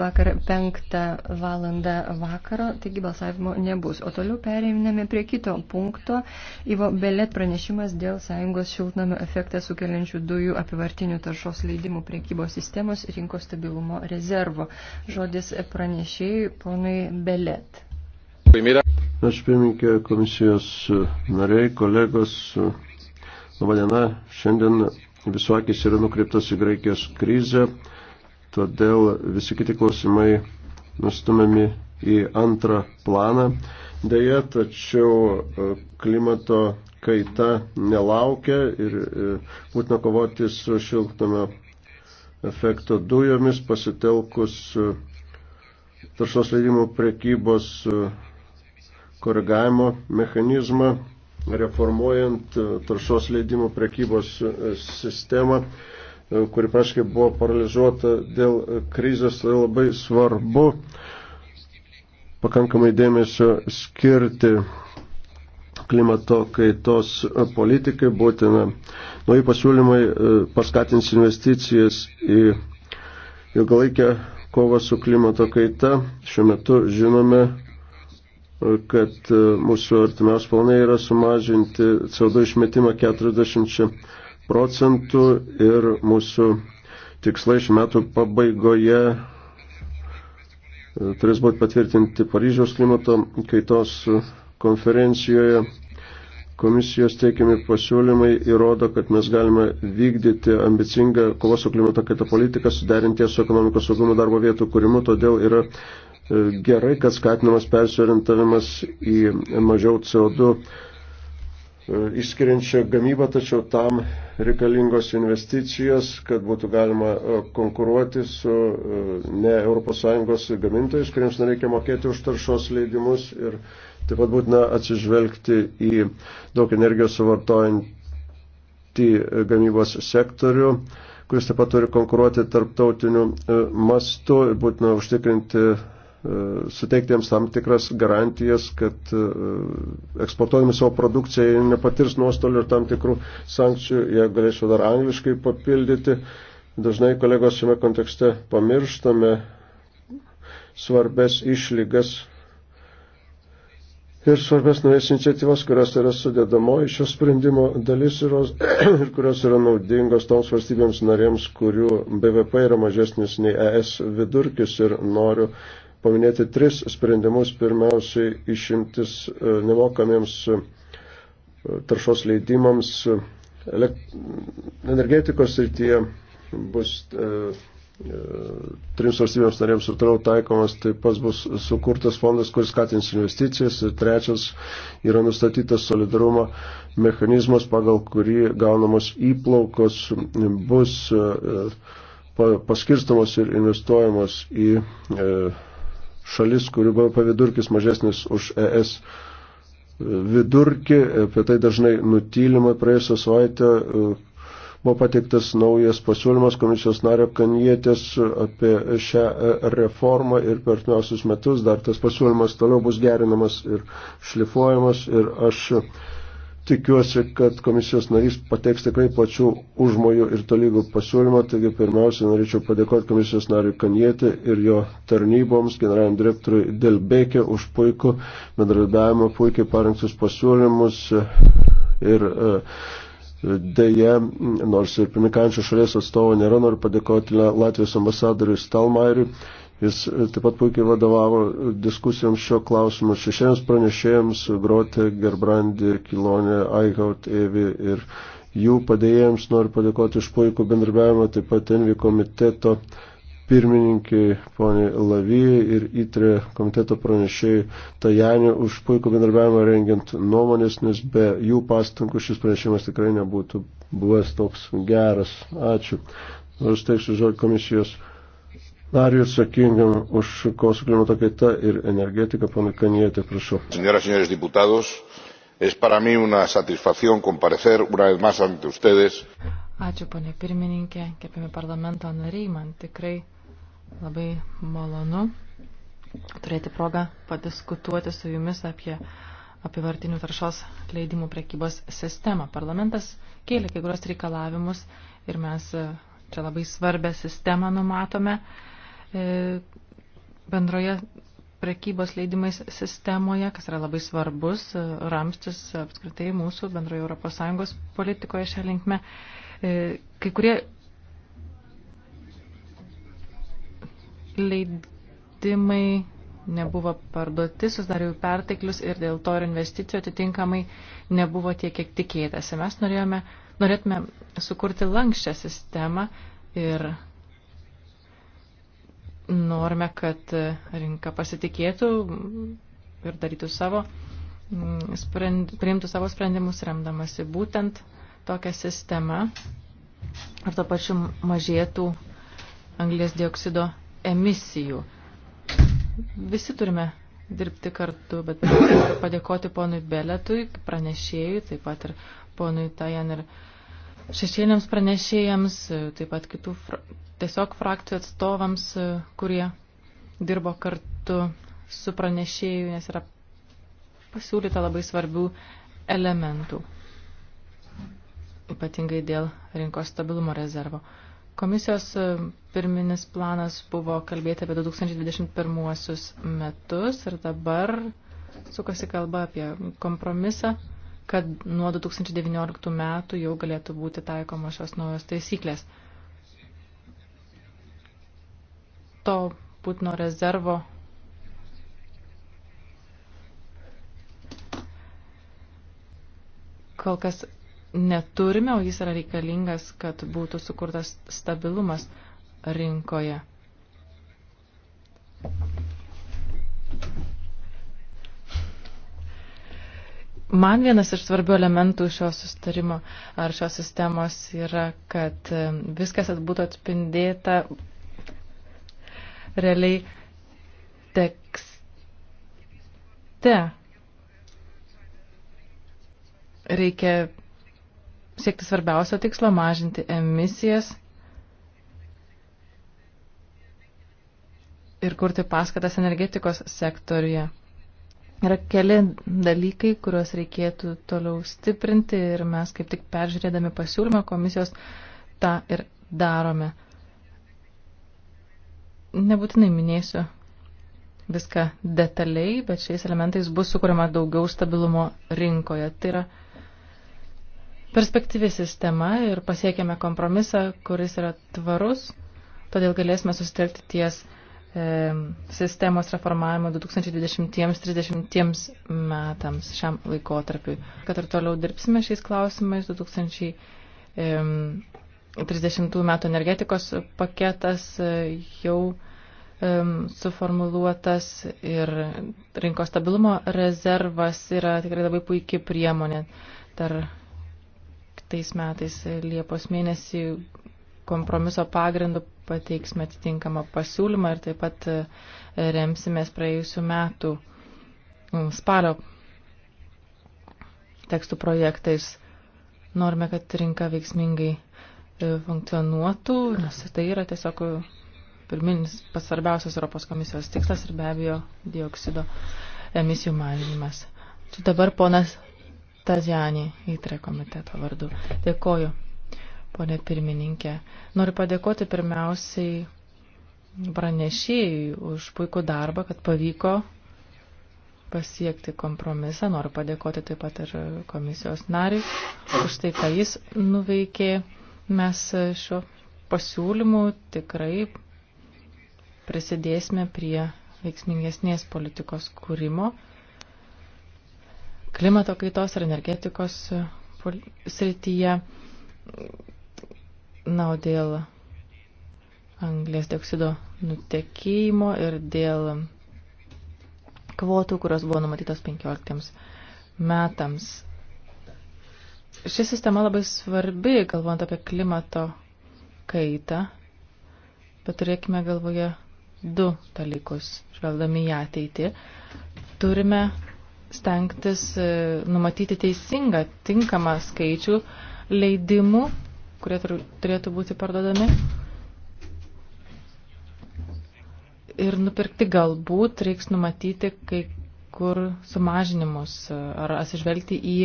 Vakar 5 valandą vakaro, taigi balsavimo nebus. O toliau pereiname prie kito punkto. Ivo Belet pranešimas dėl Sąjungos šiltnamio efektą sukeliančių dujų apivartinių taršos leidimų priekybos sistemos rinkos stabilumo rezervo. Žodis pranešėjai ponui Belet. Aš pirmininkė komisijos nariai, kolegos, labadiena. Šiandien visuokis yra nukreiptas į Graikijos krizę todėl visi kiti klausimai nustumiami į antrą planą. Deja, tačiau e, klimato kaita nelaukia ir e, būtina kovoti su šiltame efekto dujomis pasitelkus e, taršos leidimų prekybos koregavimo mechanizmą, reformuojant taršos leidimų prekybos sistemą. E, kuri praškai buvo paralizuota dėl krizės, tai labai svarbu pakankamai dėmesio skirti klimato kaitos politikai būtina. Nauji pasiūlymai e, paskatins investicijas į ilgalaikę kovą su klimato kaita. Šiuo metu žinome, e, kad mūsų artimiausi planai yra sumažinti CO2 išmetimą 40 procentų ir mūsų tikslai šių metų pabaigoje e, turės būti patvirtinti Paryžiaus klimato kaitos konferencijoje. Komisijos teikiami pasiūlymai įrodo, kad mes galime vykdyti ambicingą kovos su klimato kaita politiką, suderinties su ekonomikos saugumo darbo vietų kūrimu, todėl yra e, gerai, kad skatinamas persiorientavimas į mažiau CO2 E, išskiriančią gamybą, tačiau tam reikalingos investicijos, kad būtų galima e, konkuruoti su e, ne ES gamintojais, kuriems nereikia mokėti už taršos leidimus ir taip pat būtina atsižvelgti į daug energijos suvartojantį gamybos sektorių kuris taip pat turi konkuruoti tarptautiniu mastu ir būtina užtikrinti E, suteikti jiems tam tikras garantijas, kad e, eksportuodami savo produkciją nepatirs nuostolių ir tam tikrų sankcijų, jie galėčiau dar angliškai papildyti. Dažnai kolegos šiame kontekste pamirštame svarbes išlygas ir svarbes naujas iniciatyvas, kurios yra sudėdamoji šios sprendimo dalis ir, ir kurios yra naudingos toms valstybėms narėms, kurių BVP yra mažesnis nei ES vidurkis ir noriu paminėti tris sprendimus. Pirmiausiai išimtis e, nemokamiems e, taršos leidimams e, energetikos srityje bus trims valstybėms narėms ir toliau taikomas, taip pat bus sukurtas fondas, kuris skatins investicijas. Ir trečias yra nustatytas solidarumo mechanizmas, pagal kurį gaunamos įplaukos bus paskirstamos ir investuojamos į šalis, kurių BVP vidurkis mažesnis už ES vidurkį, apie tai dažnai nutylima praėjusią savaitę. E, buvo pateiktas naujas pasiūlymas komisijos nario Kanietės apie šią e, reformą ir per artimiausius metus dar tas pasiūlymas toliau bus gerinamas ir šlifuojamas ir aš Tikiuosi, kad komisijos narys pateiks tikrai plačių užmojų ir tolygų pasiūlymą, taigi pirmiausia norėčiau padėkoti komisijos nariui Kanietį ir jo tarnyboms, generaliniam direktoriui Delbekė už puikų bendradarbiavimą, puikiai parinktus pasiūlymus ir dėje, nors ir pirmikančio šalies atstovo nėra, noriu padėkoti Latvijos ambasadoriui Stalmairiui Jis e, taip pat puikiai vadovavo diskusijoms šio klausimu šešiems pranešėjams Grote, Gerbrandi, Kilonė, Aigaut, Evi ir jų padėjėjams noriu padėkoti už puikų bendrabiavimą, taip pat Envi komiteto pirmininkai poniai Lavijai ir įtrė komiteto pranešėjai Tajani už puikų bendrabiavimą rengiant nuomonės, nes be jų pastangų šis pranešimas tikrai nebūtų buvęs toks geras. Ačiū. Nors teiksiu žodį komisijos nariui atsakingam už kovą su klimato kaita ir energetiką, ponai Kanietė, prašau. Señoras, señores diputados, es para mí una satisfacción comparecer una vez más ante ustedes. Ačiū, ponė pirmininkė, kepimi parlamento nariai, man tikrai labai malonu turėti progą padiskutuoti su jumis apie apivartinių taršos leidimų prekybos sistemą. Parlamentas kėlė kai kurios reikalavimus ir mes e, čia labai svarbę sistemą numatome. E, bendroje prekybos leidimais sistemoje, kas yra labai svarbus e, ramstis apskritai mūsų bendroje ES politikoje šią linkme. Kai kurie leidimai nebuvo parduoti, susidarė jų perteklius ir dėl to ir investicijų atitinkamai nebuvo tiek, kiek tikėtasi. Mes norėjome, norėtume sukurti lankščią sistemą ir norime, kad rinka pasitikėtų ir darytų savo, mm, sprend, priimtų savo sprendimus remdamasi būtent tokią sistemą ir to pačiu mažėtų anglės dioksido emisijų. Visi turime dirbti kartu, bet noriu padėkoti ponui Beletui, pranešėjui, taip pat ir ponui Tajan ir šešėliams pranešėjams, taip pat kitų fra tiesiog frakcijų atstovams, kurie dirbo kartu su pranešėju, nes yra pasiūlyta labai svarbių elementų, ypatingai dėl rinkos stabilumo rezervo. Komisijos e, pirminis planas buvo kalbėti apie 2021 metus ir dabar sukasi kalba apie kompromisą kad nuo 2019 metų jau galėtų būti taikomos šios naujos taisyklės. To Putino rezervo kol kas neturime, o jis yra reikalingas, kad būtų sukurtas stabilumas rinkoje. Man vienas iš svarbių elementų šio sustarimo ar šios sistemos yra, kad viskas būtų atspindėta realiai tekste. Reikia siekti svarbiausio tikslo - mažinti emisijas ir kurti paskatas energetikos sektoriuje. Yra keli dalykai, kuriuos reikėtų toliau stiprinti ir mes kaip tik peržiūrėdami pasiūlymą komisijos tą ir darome. Nebūtinai minėsiu viską detaliai, bet šiais elementais bus sukūrima daugiau stabilumo rinkoje. Tai yra perspektyvi sistema ir pasiekėme kompromisą, kuris yra tvarus, todėl galėsime susitelkti ties E, sistemos reformavimo 2020-30 metams šiam laikotarpiui. Kad ir toliau dirbsime šiais klausimais, 2030 metų energetikos paketas e, jau suformuluotas ir rinkos stabilumo rezervas yra tikrai labai puikiai priemonė. Dar kitais metais e, Liepos mėnesį kompromiso pagrindu pateiksime atitinkamą pasiūlymą ir taip pat e, remsimės praėjusių metų spalio tekstų projektais. Norime, kad rinka veiksmingai e, funkcionuotų, nes tai yra tiesiog e, pirminis pasvarbiausias Europos komisijos tikslas ir be abejo dioksido emisijų mažinimas. Čia dabar ponas Tazianį įtre komiteto vardu. Dėkoju ponė pirmininkė. Noriu padėkoti pirmiausiai pranešėjui už puikų darbą, kad pavyko pasiekti kompromisą. Noriu padėkoti taip pat ir komisijos nariui už tai, ką jis nuveikė. Mes šiuo pasiūlymu tikrai prisidėsime prie veiksmingesnės politikos kūrimo klimato kaitos ir energetikos srityje Na, o dėl anglės dioksido nutekėjimo ir dėl kvotų, kurios buvo numatytos 15 metams. Ši sistema labai svarbi, galvojant apie klimato kaitą, bet turėkime galvoje du dalykus, žvelgdami į ateitį. Turime stengtis e, numatyti teisingą, tinkamą skaičių leidimų kurie turėtų būti parduodami. Ir nupirkti galbūt reiks numatyti kai kur sumažinimus ar atsižvelgti į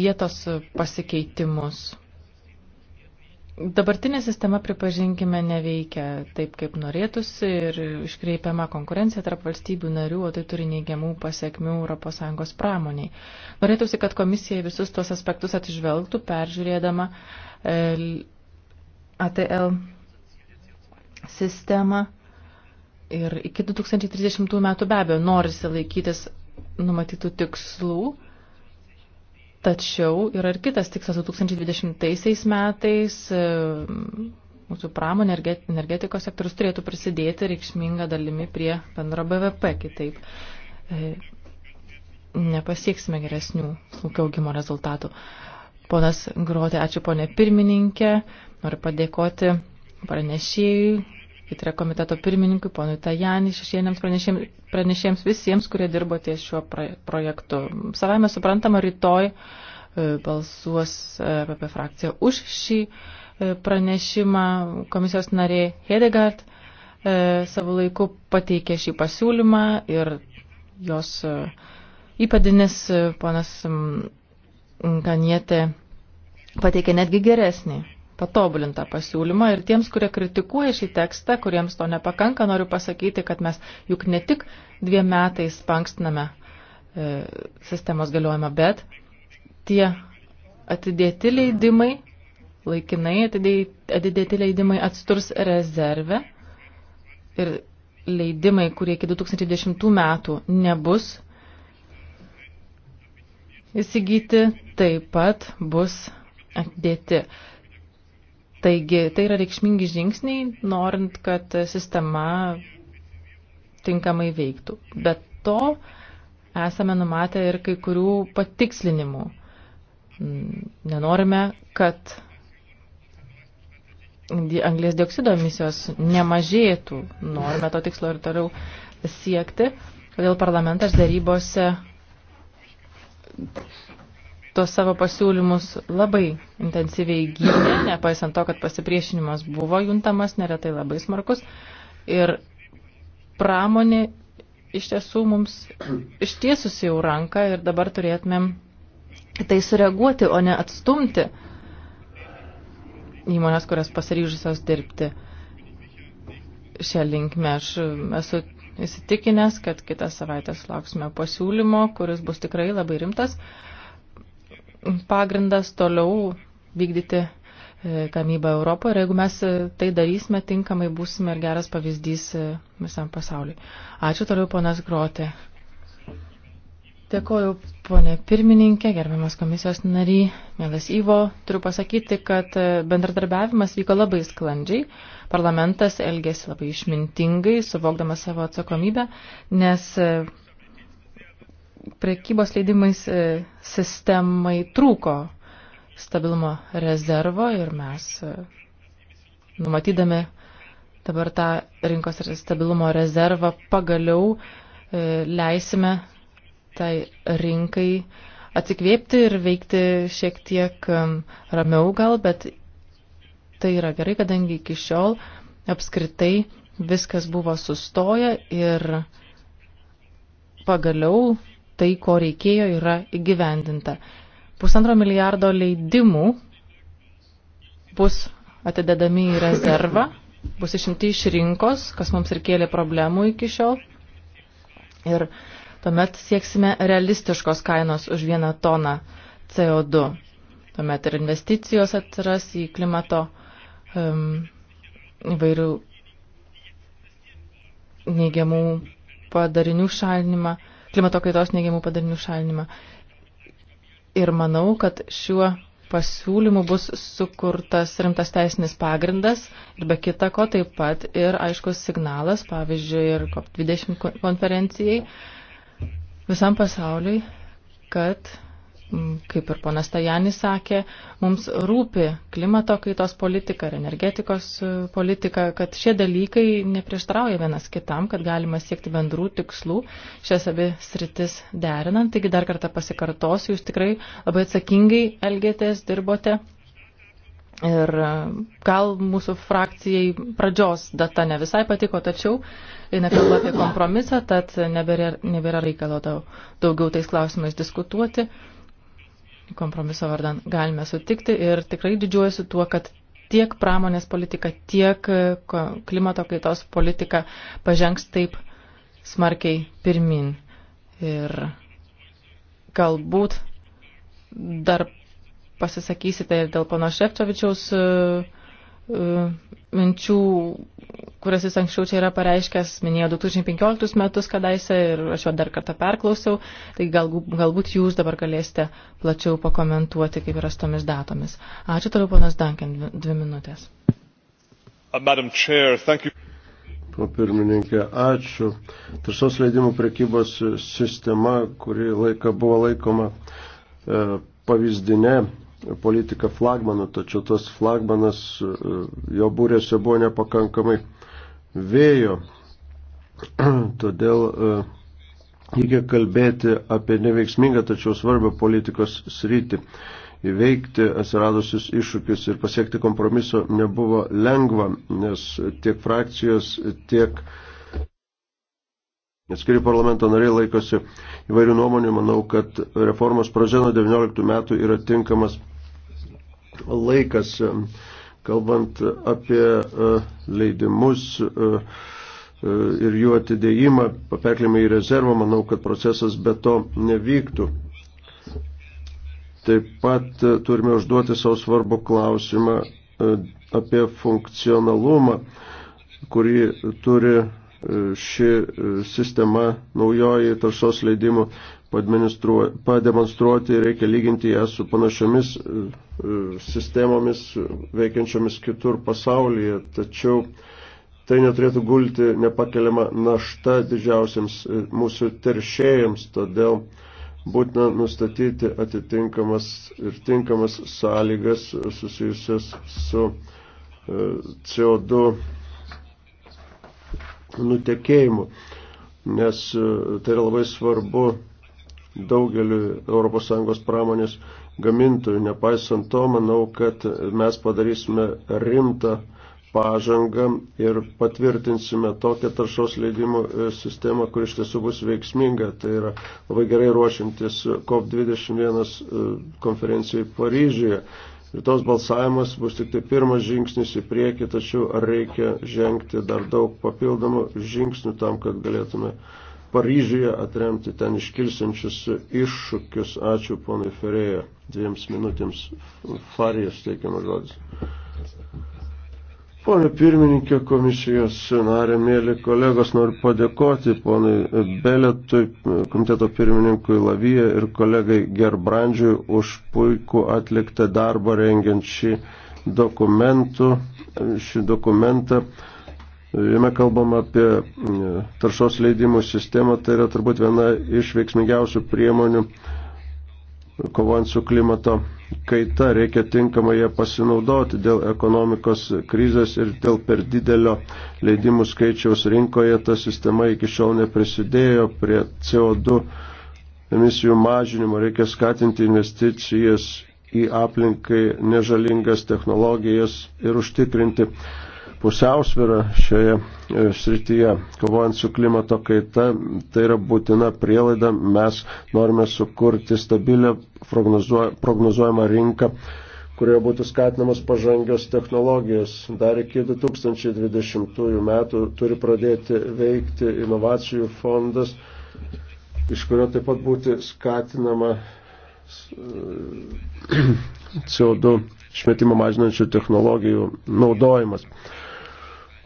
vietos pasikeitimus. Dabartinė sistema, pripažinkime, neveikia taip, kaip norėtųsi ir iškreipiama konkurencija tarp valstybių narių, o tai turi neigiamų pasiekmių ES pramoniai. Norėtųsi, kad komisija visus tuos aspektus atžvelgtų, peržiūrėdama e, ATL sistemą ir iki 2030 metų be abejo norisi laikytis numatytų tikslų Tačiau yra ir kitas tikslas 2020 metais. E, mūsų pramonė energetikos sektorius turėtų prisidėti reikšmingą dalimi prie bendro BVP, kitaip e, nepasieksime geresnių ūkio augimo rezultatų. Ponas Gruotė, ačiū ponė pirmininkė, noriu padėkoti pranešėjui įtrė komiteto pirmininkui, ponui Tajanį, šešieniams pranešėjams, pranešėjams visiems, kurie dirbo ties šiuo projektu. Savame suprantama, rytoj e, balsuos apie e, frakciją už šį e, pranešimą komisijos narė Hedegard savo laiku pateikė šį pasiūlymą ir jos įpadinis ponas Kanietė pateikė netgi geresnį patobulintą pasiūlymą. Ir tiems, kurie kritikuoja šį tekstą, kuriems to nepakanka, noriu pasakyti, kad mes juk ne tik dviem metais pankstiname e, sistemos galiojimą, bet tie atidėti leidimai, laikinai atidėti, atidėti leidimai atsturs rezervę ir leidimai, kurie iki 2010 metų nebus įsigyti, taip pat bus atidėti. Taigi tai yra reikšmingi žingsniai, norint, kad sistema tinkamai veiktų. Bet to esame numatę ir kai kurių patikslinimų. Mm, nenorime, kad anglės dioksido emisijos nemažėtų. Norime to tikslo ir toliau siekti. Todėl parlamentas darybose tuos savo pasiūlymus labai intensyviai gynė, nepaisant to, kad pasipriešinimas buvo juntamas, neretai labai smarkus. Ir pramonė iš tiesų mums ištiesusi jau ranką ir dabar turėtumėm tai sureaguoti, o ne atstumti įmonės, kurias pasiryžusios dirbti šią linkmę. Aš esu įsitikinęs, kad kitą savaitę sulauksime pasiūlymo, kuris bus tikrai labai rimtas. Uh, pagrindas toliau vykdyti e, gamybą Europoje ir jeigu mes e, tai darysime tinkamai, būsime ir geras pavyzdys e, visam pasauliu. Ačiū toliau, ponas Grotė. Dėkoju, ponė pirmininkė, gerbiamas komisijos nary, mielas Ivo. Turiu pasakyti, kad bendradarbiavimas vyko labai sklandžiai. Parlamentas elgėsi labai išmintingai, suvokdamas savo atsakomybę, nes prekybos leidimais e, sistemai trūko stabilumo rezervo ir mes e, numatydami dabar tą rinkos ir stabilumo rezervą pagaliau e, leisime tai rinkai atsikvėpti ir veikti šiek tiek ramiau gal, bet tai yra gerai, kadangi iki šiol apskritai viskas buvo sustoję ir pagaliau tai, ko reikėjo, yra įgyvendinta. Pusantro milijardo leidimų bus atidedami į rezervą, bus išimti iš rinkos, kas mums ir kėlė problemų iki šiol. Ir tuomet sieksime realistiškos kainos už vieną toną CO2. Tuomet ir investicijos atsiras į klimato um, įvairių neigiamų padarinių šalinimą klimato kaitos neigiamų padarinių šalinimą. Ir manau, kad šiuo pasiūlymu bus sukurtas rimtas teisinis pagrindas ir be kita ko taip pat ir aiškus signalas, pavyzdžiui, ir COP20 konferencijai visam pasauliui, kad Mm, kaip ir ponas Tajanis sakė, mums rūpi klimato kaitos politika ir energetikos e, politika, kad šie dalykai neprieštrauja vienas kitam, kad galima siekti bendrų tikslų šias abi sritis derinant. Taigi dar kartą pasikartosiu, jūs tikrai labai atsakingai elgėtės, dirbote. Ir e, gal mūsų frakcijai pradžios data ne visai patiko, tačiau eina kalba apie kompromisą, tad nebėra, nebėra reikalo daugiau tais klausimais diskutuoti kompromiso vardan galime sutikti ir tikrai didžiuojasi tuo, kad tiek pramonės politika, tiek e, klimato kaitos politika pažengs taip smarkiai pirmin. Ir galbūt dar pasisakysite ir dėl pano Šefčovičiaus uh, e, minčių, kurias jis anksčiau čia yra pareiškęs, minėjo 2015 metus kadaise ir aš jo dar kartą perklausiau, tai galbūt, galbūt jūs dabar galėsite plačiau pakomentuoti, kaip yra su tomis datomis. Ačiū toliau, ponas Dankin, dvi minutės. Uh, Madam Chair, thank you. Po pirmininkė, ačiū. Tarsos leidimų prekybos sistema, kuri laika buvo laikoma e, uh, pavyzdinė politiką flagmanu, tačiau tas flagmanas e, jo būrėse buvo nepakankamai vėjo. Todėl e, reikia kalbėti apie neveiksmingą, tačiau svarbią politikos sritį. Įveikti atsiradusius iššūkius ir pasiekti kompromiso nebuvo lengva, nes tiek frakcijos, tiek uh, Atskiri parlamento nariai laikosi įvairių nuomonių. Manau, kad reformos pradžia nuo 19 metų yra tinkamas laikas, e, kalbant apie e, leidimus e, ir jų atidėjimą, paperklimą į rezervą. Manau, kad procesas be to nevyktų. Taip pat turime užduoti savo svarbų klausimą apie funkcionalumą, kurį turi ši e, sistema naujoji taršos leidimų pademonstruoti reikia lyginti ją su panašiomis e, e, sistemomis veikiančiomis kitur pasaulyje, tačiau tai neturėtų gulti nepakeliama našta didžiausiams mūsų teršėjams, todėl būtina nustatyti atitinkamas ir tinkamas sąlygas susijusias su CO2 nutekėjimu, nes e, tai yra labai svarbu daugeliu ES pramonės gamintojų. Nepaisant to, manau, kad mes padarysime rimtą pažangą ir patvirtinsime tokią taršos leidimų e, sistemą, kur iš tiesų bus veiksminga. Tai yra labai gerai ruošintis COP21 e, konferencijai Paryžiuje. Rytos balsavimas bus tik tai pirmas žingsnis į priekį, tačiau ar reikia žengti dar daug papildomų žingsnių tam, kad galėtume Paryžiuje atremti ten iškilsiančius iššūkius. Ačiū ponui Ferėje. Dviems minutėms Farijas teikiamas žodis. Pone pirmininkė komisijos narė, mėly kolegos, noriu padėkoti ponui Beletui, komiteto pirmininkui Lavyje ir kolegai Gerbrandžiui už puikų atliktą darbą rengiant šį, šį dokumentą. Jame kalbam apie e, taršos leidimų sistemą, tai yra turbūt viena iš veiksmingiausių priemonių kovant su klimato kaita, reikia tinkamai ją pasinaudoti dėl ekonomikos krizės ir dėl per didelio leidimų skaičiaus rinkoje ta sistema iki šiol neprisidėjo prie CO2 emisijų mažinimo, reikia skatinti investicijas į aplinkai nežalingas technologijas ir užtikrinti pusiausvyrą šioje e, srityje, kovojant su klimato kaita, tai yra būtina prielaida, mes norime sukurti stabilę prognozuojamą rinką kurioje būtų skatinamas pažangios technologijos. Dar iki 2020 metų turi pradėti veikti inovacijų fondas, iš kurio taip pat būti skatinama e, CO2 išmetimo mažinančių technologijų naudojimas.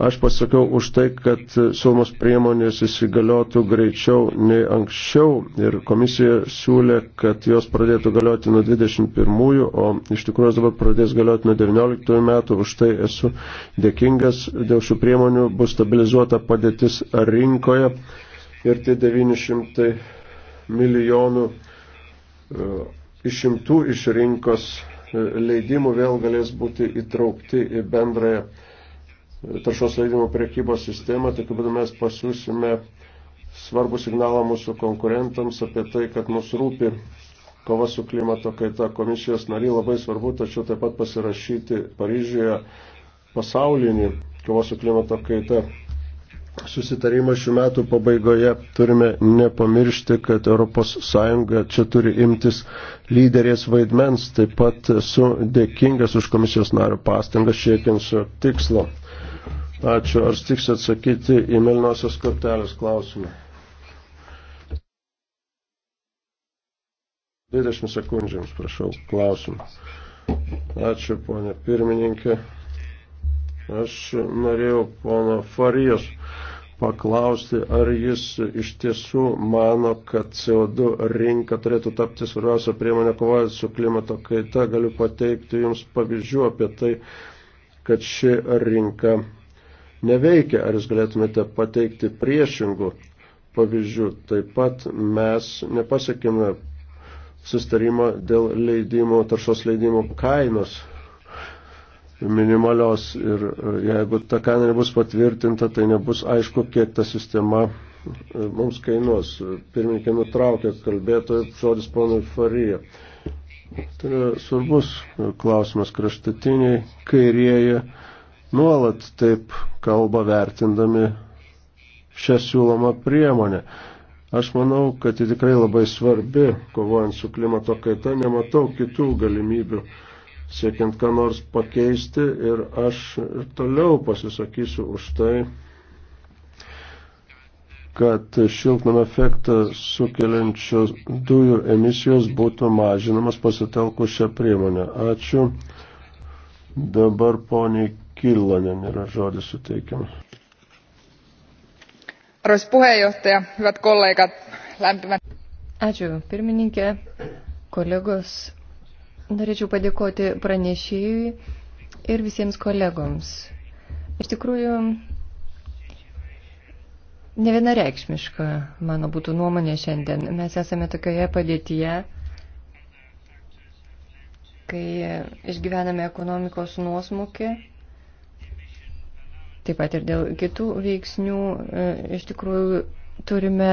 Aš pasakiau už tai, kad siūlomos priemonės įsigaliotų greičiau nei anksčiau ir komisija siūlė, kad jos pradėtų galioti nuo 21-ųjų, o iš tikrųjų dabar pradės galioti nuo 19 metų. Už tai esu dėkingas. Dėl šių priemonių bus stabilizuota padėtis rinkoje ir tie 900 milijonų e, išimtų iš rinkos e, leidimų vėl galės būti įtraukti į bendrąją taršos leidimo priekybos sistemą, tokiu būdu mes pasiūsime svarbų signalą mūsų konkurentams apie tai, kad mus rūpi kova su klimato kaita. Komisijos nariai labai svarbu, tačiau taip pat pasirašyti Paryžiuje pasaulinį kovos su klimato kaita susitarimą šių metų pabaigoje turime nepamiršti, kad ES čia turi imtis lyderės vaidmens, taip pat su dėkingas už komisijos nario pastangas siekiant šio tikslo. Ačiū. Ar stiks atsakyti į Melnosios kortelės klausimą? 20 sekundžių jums prašau klausimą. Ačiū, ponė pirmininkė. Aš norėjau pono Farijos paklausti, ar jis iš tiesų mano, kad CO2 rinka turėtų tapti svarbiausia priemonė kovojant su klimato kaita. Galiu pateikti jums pavyzdžių apie tai, kad ši rinka neveikia. Ar jūs galėtumėte pateikti priešingų pavyzdžių? Taip pat mes nepasiekime sustarimo dėl leidimo, taršos leidimo kainos minimalios ir e, jeigu ta kaina nebus patvirtinta, tai nebus aišku, kiek ta sistema e, mums kainuos. Pirmininkė nutraukė kalbėtojų žodis ponui Farija. Tai yra svarbus e, klausimas kraštutiniai kairieji nuolat taip kalba vertindami šią siūlomą priemonę. Aš manau, kad ji tikrai labai svarbi, kovojant su klimato kaita, nematau kitų galimybių siekiant ką nors pakeisti ir aš ir toliau pasisakysiu už tai, kad šiltnamio efektą sukeliančios dujų emisijos būtų mažinamas pasitelkus šią priemonę. Ačiū. Dabar poniai Killonen yra žodis suteikiamas. Arvoisa puheenjohtaja, hyvät kollegat, lämpimät. Ačiū, pirmininkė, kolegos. Norėčiau padėkoti pranešėjui ir visiems kolegoms. Iš tikrųjų, ne vienareikšmiška mano būtų nuomonė šiandien. Mes esame tokioje padėtyje, kai išgyvename ekonomikos nuosmukį taip pat ir dėl kitų veiksnių. E, iš tikrųjų, turime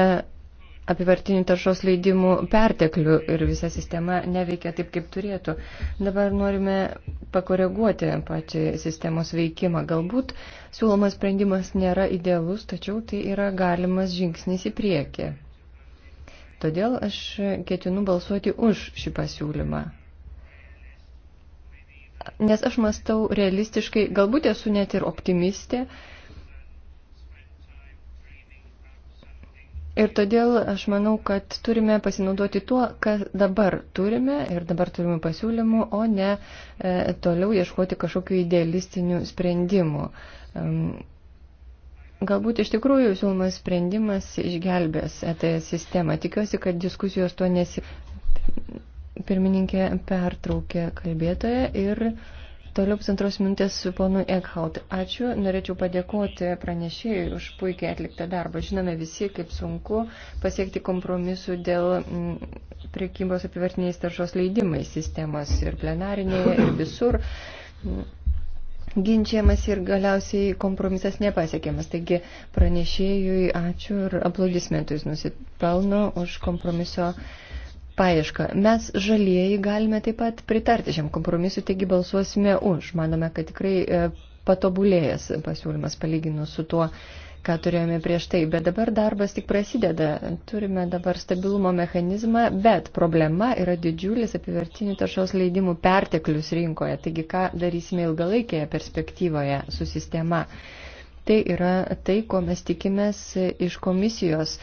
apivartinių taršos leidimų perteklių ir visa sistema neveikia taip, kaip turėtų. Dabar norime pakoreguoti pačią sistemos veikimą. Galbūt siūlomas sprendimas nėra idealus, tačiau tai yra galimas žingsnis į priekį. Todėl aš ketinu balsuoti už šį pasiūlymą nes aš mastau realistiškai, galbūt esu net ir optimistė. Ir todėl aš manau, kad turime pasinaudoti tuo, ką dabar turime ir dabar turime pasiūlymų, o ne e, toliau ieškoti kažkokių idealistinių sprendimų. Um, galbūt iš tikrųjų siūlomas sprendimas išgelbės ETS sistemą. Tikiuosi, kad diskusijos tuo nesi Pirmininkė pertraukė kalbėtoją ir toliau pusantros minutės su ponu Eckhout. Ačiū, norėčiau padėkoti pranešėjai už puikiai atliktą darbą. Žinome visi, kaip sunku pasiekti kompromisų dėl mm, priekybos apivertiniais taršos leidimais sistemos ir plenarinėje, ir visur mm, ginčiamas ir galiausiai kompromisas nepasiekiamas. Taigi pranešėjui ačiū ir aplaudismentus nusipelno už kompromiso paiešką. Mes žalieji galime taip pat pritarti šiam kompromisui, taigi balsuosime už. Manome, kad tikrai e, patobulėjęs pasiūlymas palyginus su tuo, ką turėjome prieš tai. Bet dabar darbas tik prasideda. Turime dabar stabilumo mechanizmą, bet problema yra didžiulis apivertinių taršos leidimų perteklius rinkoje. Taigi, ką darysime ilgalaikėje perspektyvoje su sistema. Tai yra tai, ko mes tikimės iš komisijos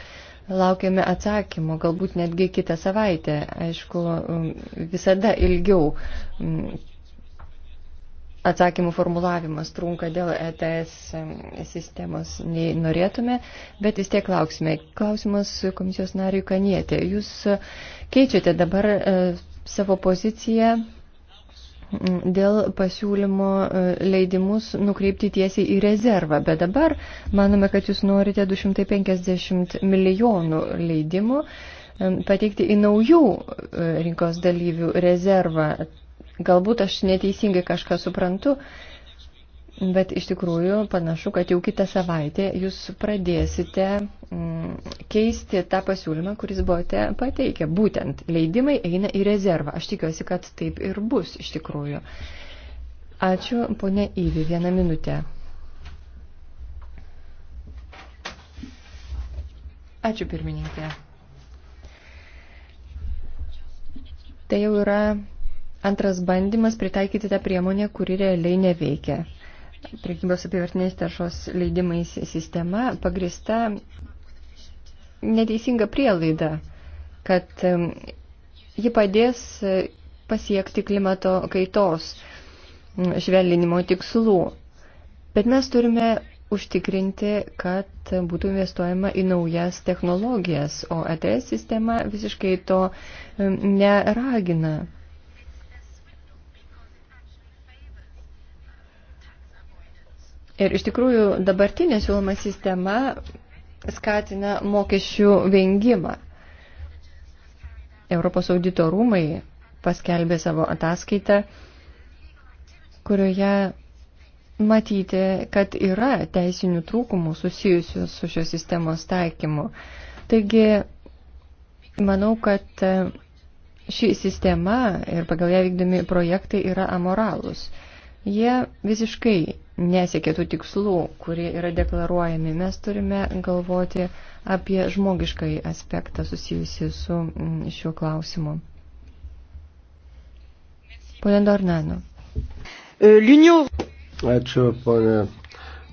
Laukiame atsakymo, galbūt netgi kitą savaitę. Aišku, um, visada ilgiau um, atsakymų formulavimas trunka dėl ETS um, sistemos nei norėtume, bet vis tiek lauksime. Klausimas komisijos nariui Kanietė. Jūs keičiate dabar uh, savo poziciją dėl pasiūlymo e, leidimus nukreipti tiesiai į rezervą, bet dabar manome, kad jūs norite 250 milijonų leidimų e, pateikti į naujų e, rinkos dalyvių rezervą. Galbūt aš neteisingai kažką suprantu, Bet iš tikrųjų panašu, kad jau kitą savaitę jūs pradėsite mm, keisti tą pasiūlymą, kuris buvote pateikę. Būtent leidimai eina į rezervą. Aš tikiuosi, kad taip ir bus iš tikrųjų. Ačiū, ponė Įvi, vieną minutę. Ačiū, pirmininkė. Tai jau yra antras bandymas pritaikyti tą priemonę, kuri realiai neveikia priekybos apivartiniais taršos leidimais sistema pagrista neteisinga prielaida, kad ji padės e, pasiekti klimato kaitos švelninimo tikslų. Bet mes turime užtikrinti, kad būtų investuojama į naujas technologijas, o ETS sistema visiškai to neragina. Ir iš tikrųjų dabartinė siūloma sistema skatina mokesčių vengimą. Europos audito rūmai paskelbė savo ataskaitą, kurioje matyti, kad yra teisinių trūkumų susijusių su šios sistemos taikymu. Taigi, manau, kad e, ši sistema ir pagal ją vykdomi projektai yra amoralūs. Jie visiškai nesiekia tų tikslų, kurie yra deklaruojami. Mes turime galvoti apie žmogiškai aspektą susijusi su mm, šiuo klausimu. Pone Dornano. E, Ačiū, ponė.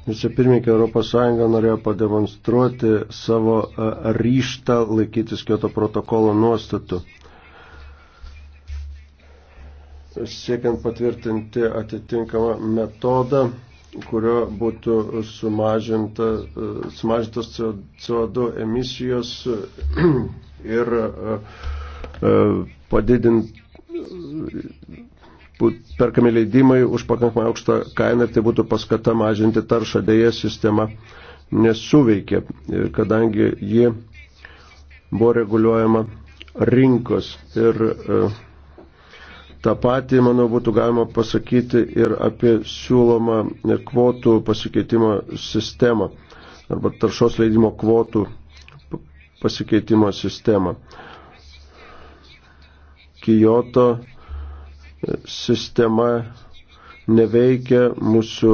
Vicepirmininkė Europos Sąjunga norėjo pademonstruoti savo e, ryštą laikytis Kyoto protokolo nuostatų siekiant patvirtinti atitinkamą metodą kurio būtų sumažinta, sumažintos CO2 emisijos ir e, e, padidint perkami leidimai už pakankamai aukštą kainą ir tai būtų paskata mažinti taršą. Dėja, sistema nesuveikė, kadangi ji buvo reguliuojama rinkos ir uh, Ta pati, manau, būtų galima pasakyti ir apie siūlomą kvotų pasikeitimo sistemą arba taršos leidimo kvotų pasikeitimo sistemą. Kijoto sistema neveikia, mūsų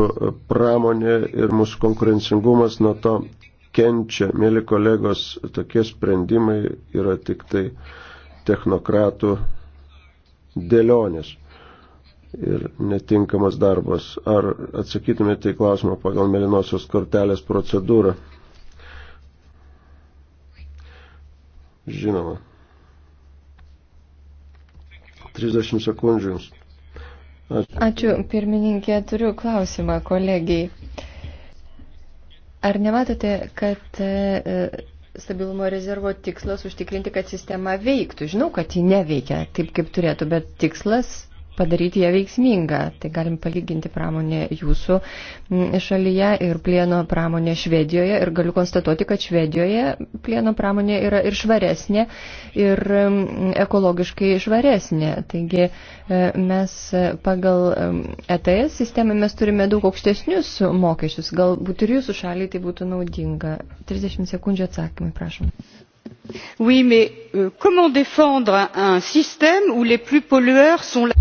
pramonė ir mūsų konkurencingumas nuo to kenčia. Mėly kolegos, tokie sprendimai yra tik tai technokratų dėlionės ir netinkamas darbas. Ar atsakytumėte į klausimą pagal melinosios kortelės procedūrą? Žinoma. 30 sekundžių jums. Ačiū. Ačiū, pirmininkė, turiu klausimą kolegijai. Ar nematote, kad e, stabilumo rezervo tikslas užtikrinti, kad sistema veiktų. Žinau, kad ji neveikia taip, kaip turėtų, bet tikslas padaryti ją veiksmingą. Tai galim palyginti pramonę jūsų šalyje ir plieno pramonę Švedijoje. Ir galiu konstatuoti, kad Švedijoje plieno pramonė yra ir švaresnė, ir ekologiškai švaresnė. Taigi e, mes e, pagal ETS sistemą mes turime daug aukštesnius mokesčius. Galbūt ir jūsų šaliai tai būtų naudinga. 30 sekundžių atsakymai, prašom. Oui, mais euh, comment défendre un système où les plus pollueurs sont... La...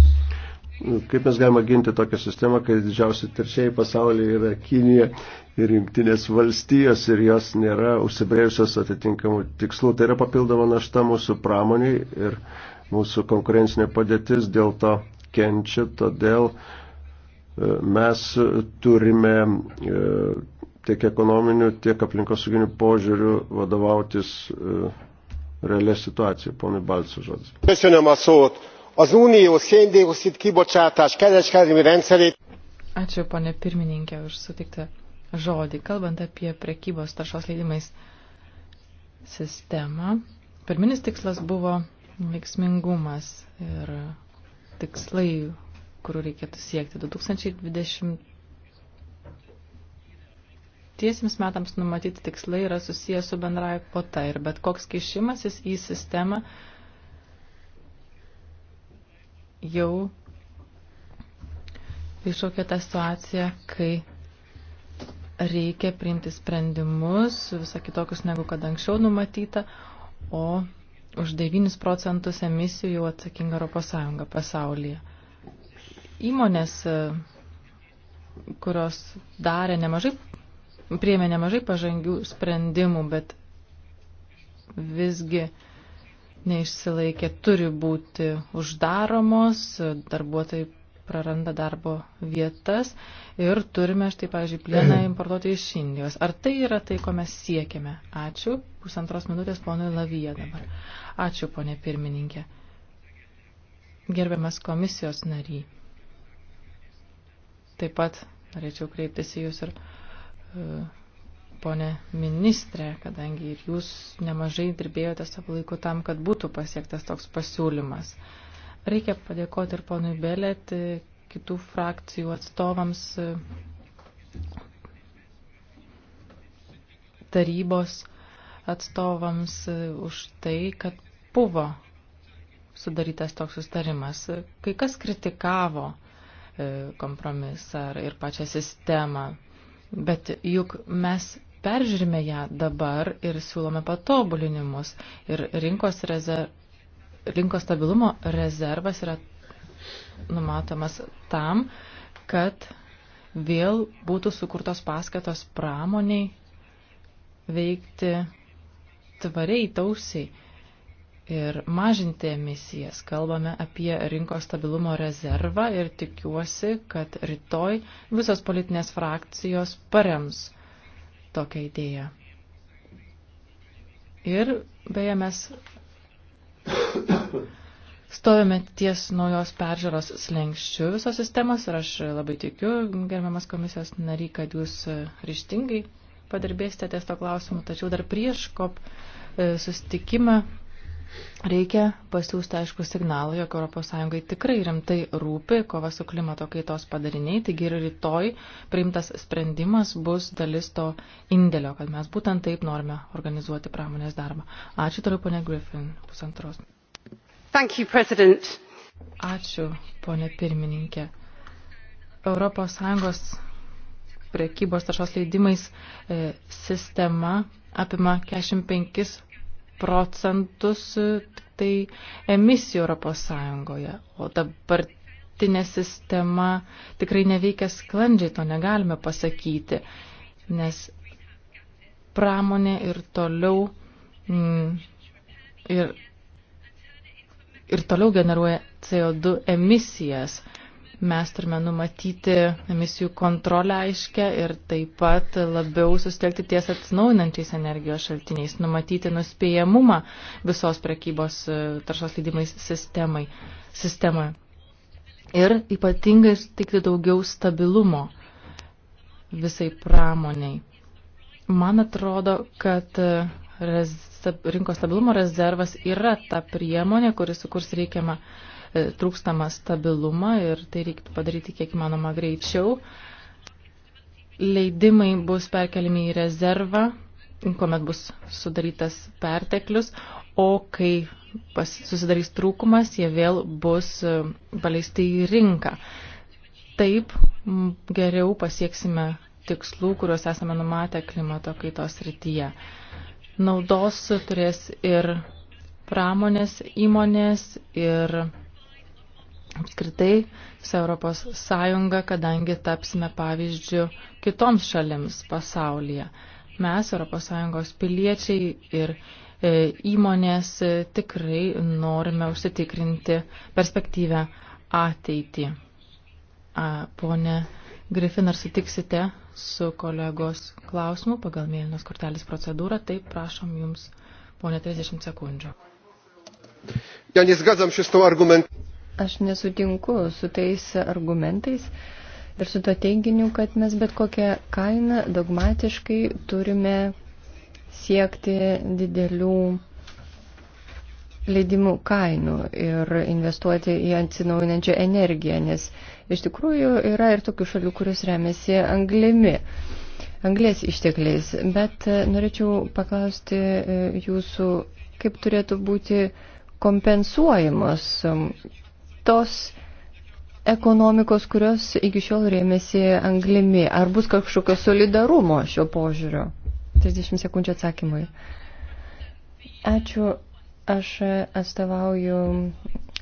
Kaip mes galime ginti tokią sistemą, kai didžiausi teršėjai pasaulyje yra Kinija ir jungtinės valstijos ir jos nėra užsibrėžusios atitinkamų tikslų. Tai yra papildoma našta mūsų pramoniai ir mūsų konkurencinė padėtis dėl to kenčia. Todėl e, mes turime e, tiek ekonominių, tiek aplinkosauginių požiūrių vadovautis e, realią situaciją. Ponai Balcų žodis az unió széndiokszid kibocsátás kereskedelmi rendszerét. Ačiū, ponė pirmininkė, už sutiktą žodį. Kalbant apie prekybos taršos leidimais sistemą, pirminis tikslas buvo veiksmingumas ir tikslai, kurių reikėtų siekti 2020 tiesiams metams numatyti tikslai yra susijęs su bendraja kvota ir bet koks kišimasis į sistemą jau iššaukė tą situaciją, kai reikia priimti sprendimus, visą kitokius negu kad anksčiau numatyta, o už 9 procentus emisijų jau atsakinga Europos Sąjunga pasaulyje. Įmonės, kurios darė nemažai, priėmė nemažai pažangių sprendimų, bet visgi uh, neišsilaikė, turi būti uždaromos, darbuotojai praranda darbo vietas ir turime štai, pavyzdžiui, plieną importuoti iš Indijos. Ar tai yra tai, ko mes siekiame? Ačiū. Pusantros minutės ponui Lavija dabar. Ačiū, ponė pirmininkė. Gerbiamas komisijos nary. Taip pat norėčiau kreiptis į jūs ir uh, ponė ministrė, kadangi ir jūs nemažai dirbėjote savo laiku tam, kad būtų pasiektas toks pasiūlymas. Reikia padėkoti ir ponui Belėt, kitų frakcijų atstovams tarybos atstovams už tai, kad buvo sudarytas toks sustarimas. Kai kas kritikavo e, kompromisą ir pačią sistemą, bet juk mes peržiūrime ją dabar ir siūlome patobulinimus. Ir rinkos, rezerv... rinkos stabilumo rezervas yra numatomas tam, kad vėl būtų sukurtos paskatos pramoniai veikti tvariai, tausiai ir mažinti emisijas. Kalbame apie rinkos stabilumo rezervą ir tikiuosi, kad rytoj visos politinės frakcijos parems tokią idėją. Ir beje, mes stovime ties naujos peržiūros slengščių visos sistemos ir aš labai tikiu, gerbiamas komisijos nary, kad jūs ryštingai padirbėsite ties to klausimu, tačiau dar prieš kop e, sustikimą Reikia pasiūsti aišku signalą, jog ES tikrai rimtai rūpi kova su klimato kaitos padariniai, taigi ir rytoj priimtas sprendimas bus dalis to indėlio, kad mes būtent taip norime organizuoti pramonės darbą. Ačiū toliau, ponė Griffin, pusantros. Thank you, President. Ačiū, ponė pirmininkė. ES prekybos taršos leidimais e, sistema apima 45 procentus tai emisijų Europos Sąjungoje, o dabartinė sistema tikrai neveikia sklandžiai, to negalime pasakyti, nes pramonė ir toliau mm, ir, ir toliau generuoja CO2 emisijas mes turime numatyti emisijų kontrolę aiškę ir taip pat labiau sustelkti ties atsinaujinančiais energijos šaltiniais, numatyti nuspėjamumą visos prekybos e, taršos leidimais sistemai, sistemoje. Ir ypatingai suteikti daugiau stabilumo visai pramoniai. Man atrodo, kad e, rinkos stabilumo rezervas yra ta priemonė, kuris sukurs reikiamą uh, E, trūkstamą stabilumą ir tai reiktų padaryti kiek įmanoma greičiau. Leidimai bus perkeliami į rezervą, kuomet bus sudarytas perteklius, o kai pas, susidarys trūkumas, jie vėl bus e, paleisti į rinką. Taip geriau pasieksime tikslų, kuriuos esame numatę klimato kaitos rytyje. Naudos turės ir pramonės įmonės, ir apskritai visą Europos Sąjungą, kadangi tapsime pavyzdžių kitoms šalims pasaulyje. Mes, Europos Sąjungos piliečiai ir e, įmonės, e, tikrai norime užsitikrinti perspektyvę ateitį. Pone Grifin, ar sutiksite su kolegos klausimu pagal mėlynos kortelės procedūrą? Taip, prašom Jums, ponė, 30 sekundžių. Ja nie zgadzam się z tą argumentacją Aš nesutinku su tais argumentais ir su to teiginiu, kad mes bet kokią kainą dogmatiškai turime siekti didelių leidimų kainų ir investuoti į atsinaujinančią energiją, nes iš tikrųjų yra ir tokių šalių, kurios remiasi anglimi, anglės ištekliais. Bet e, norėčiau paklausti e, jūsų, kaip turėtų būti kompensuojamos tos ekonomikos, kurios iki šiol rėmėsi anglimi? Ar bus kažkokio solidarumo šio požiūrio? 30 sekundžių atsakymui. Ačiū. Aš atstovauju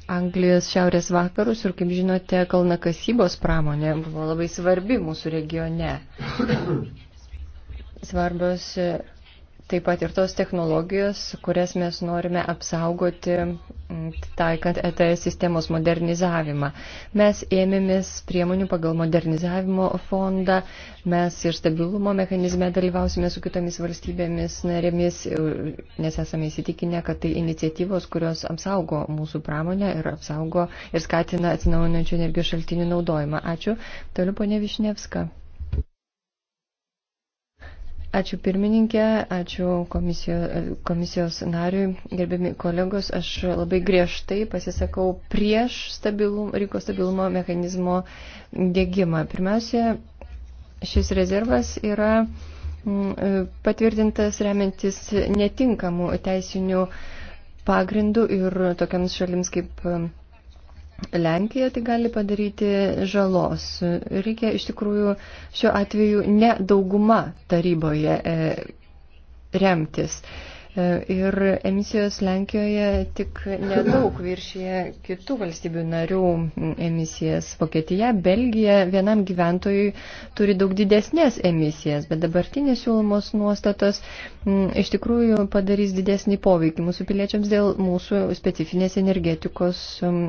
Anglijos šiaurės vakarus ir, kaip žinote, kalnakasybos pramonė buvo labai svarbi mūsų regione. Svarbios taip pat ir tos technologijos, kurias mes norime apsaugoti, taikant ETS sistemos modernizavimą. Mes ėmėmės priemonių pagal modernizavimo fondą, mes ir stabilumo mechanizme dalyvausime su kitomis valstybėmis narėmis, nes esame įsitikinę, kad tai iniciatyvos, kurios apsaugo mūsų pramonę ir apsaugo ir skatina atsinaujinančių energijos šaltinių naudojimą. Ačiū. Toliau ponė Višnevska. Ačiū pirmininkė, ačiū komisijos, komisijos nariui, gerbiami kolegos. Aš labai griežtai pasisakau prieš stabilum, rinkos stabilumo mechanizmo dėgymą. Pirmiausia, šis rezervas yra mm, patvirtintas remiantis netinkamų teisinių pagrindų ir tokiams šalims kaip Lenkija, tai gali padaryti žalos. Reikia iš tikrųjų šiuo atveju ne dauguma taryboje e, remtis. E, ir emisijos Lenkijoje tik nedaug viršyje kitų valstybių narių emisijas. Vokietija, Belgija vienam gyventojui turi daug didesnės emisijas, bet dabartinės siūlomos nuostatos m, iš tikrųjų padarys didesnį poveikį mūsų piliečiams dėl mūsų specifinės energetikos m,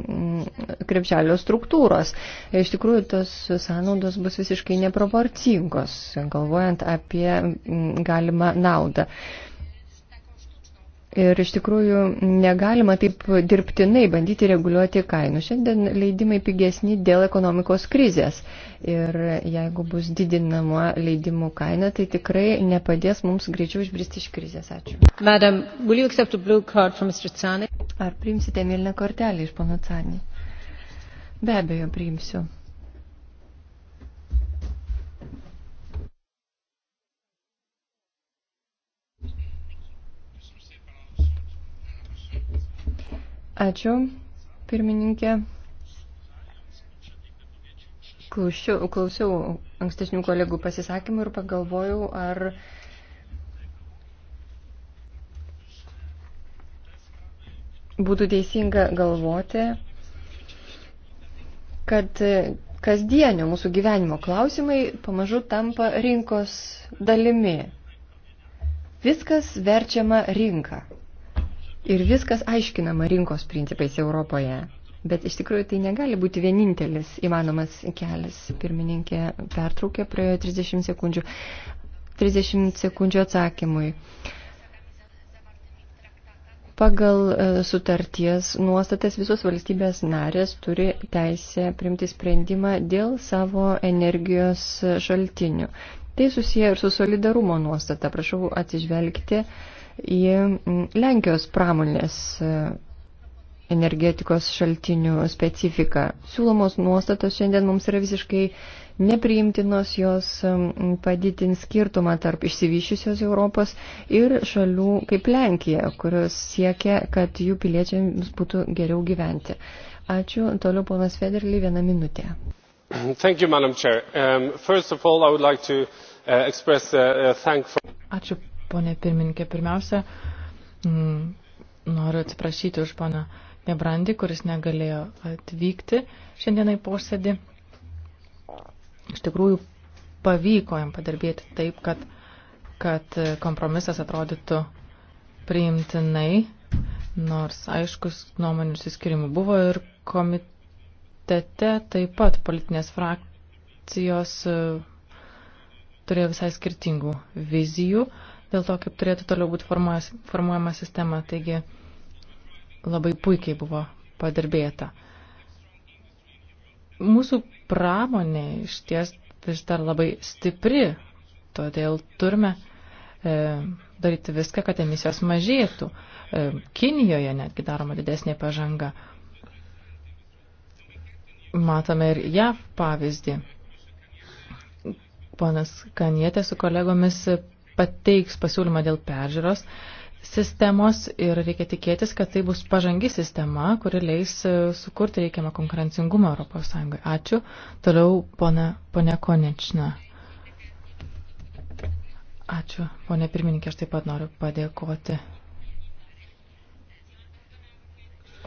krepšelio struktūros. Iš tikrųjų, tos sąnaudos bus visiškai neproporcingos, galvojant apie m, galimą naudą. Ir iš tikrųjų negalima taip dirbtinai bandyti reguliuoti kainų. Šiandien leidimai pigesni dėl ekonomikos krizės. Ir jeigu bus didinama leidimų kaina, tai tikrai nepadės mums greičiau išbristi iš krizės. Ačiū. Madam, Ar priimsite mėlyną kortelę iš pono Cani? Be abejo, priimsiu. Ačiū, pirmininkė. Klausiau, klausiau ankstesnių kolegų pasisakymų ir pagalvojau, ar būtų teisinga galvoti, kad kasdienio mūsų gyvenimo klausimai pamažu tampa rinkos dalimi. Viskas verčiama rinka. Ir viskas aiškinama rinkos principais Europoje. Bet iš tikrųjų tai negali būti vienintelis įmanomas kelias. Pirmininkė pertraukė, praėjo 30 sekundžių. 30 sekundžių atsakymui. Pagal e, sutarties nuostatas visos valstybės narės turi teisę primti sprendimą dėl savo energijos šaltinių. Tai susiję ir su solidarumo nuostata. Prašau atsižvelgti uh, į Lenkijos pramonės e, energetikos šaltinių specifiką. Siūlomos nuostatos šiandien mums yra visiškai nepriimtinos, jos padidins skirtumą tarp išsivyščiusios Europos ir šalių kaip Lenkija, kurios siekia, kad jų piliečiams būtų geriau gyventi. Ačiū. Toliau ponas Federly, vieną minutę. Thank you, Madam Chair. Um, first of all, I would like to uh, express a, uh, a uh, thank for... Ačiū ponė pirmininkė. Pirmiausia, m, mm, noriu atsiprašyti už poną Nebrandį, kuris negalėjo atvykti šiandieną į posėdį. Iš tikrųjų, pavyko jam padirbėti taip, kad, kad kompromisas atrodytų priimtinai, nors aiškus nuomonių susiskirimų buvo ir komitete taip pat politinės frakcijos e, turėjo visai skirtingų vizijų dėl to, kaip turėtų toliau būti formuojama sistema. Taigi labai puikiai buvo padirbėta. Mūsų pramonė iš ties vis dar labai stipri, todėl turime e, daryti viską, kad emisijos mažėtų. E, Kinijoje netgi daroma didesnė pažanga. Matome ir JAV pavyzdį. Ponas Kanietė su kolegomis pateiks pasiūlymą dėl peržiūros sistemos ir reikia tikėtis, kad tai bus pažangi sistema, kuri leis e, sukurti reikiamą konkurencingumą Europos Sąjungai. Ačiū. Toliau pone, pone Konečna. Ačiū, ponė pirmininkė, aš taip pat noriu padėkoti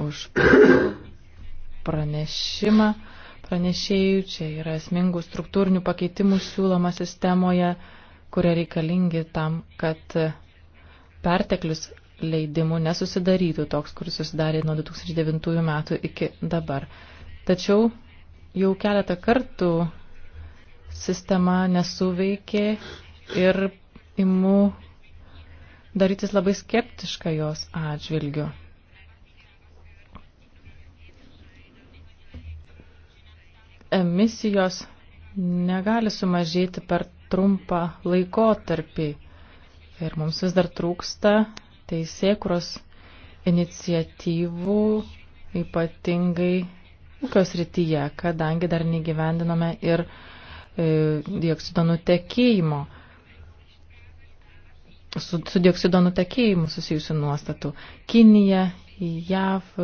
už pranešimą. Pranešėjų čia yra esmingų struktūrinių pakeitimų siūloma sistemoje kurie reikalingi tam, kad perteklius leidimų nesusidarytų toks, kuris susidarė nuo 2009 metų iki dabar. Tačiau jau keletą kartų sistema nesuveikė ir imu darytis labai skeptišką jos atžvilgiu. Emisijos negali sumažėti per trumpą laikotarpį ir mums vis dar trūksta teisėkuros iniciatyvų, ypatingai ūkio srityje, kadangi dar negyvendinome ir e, dioksido nutekėjimo, su, su dioksido nutekėjimu susijusių nuostatų. Kinija, JAV,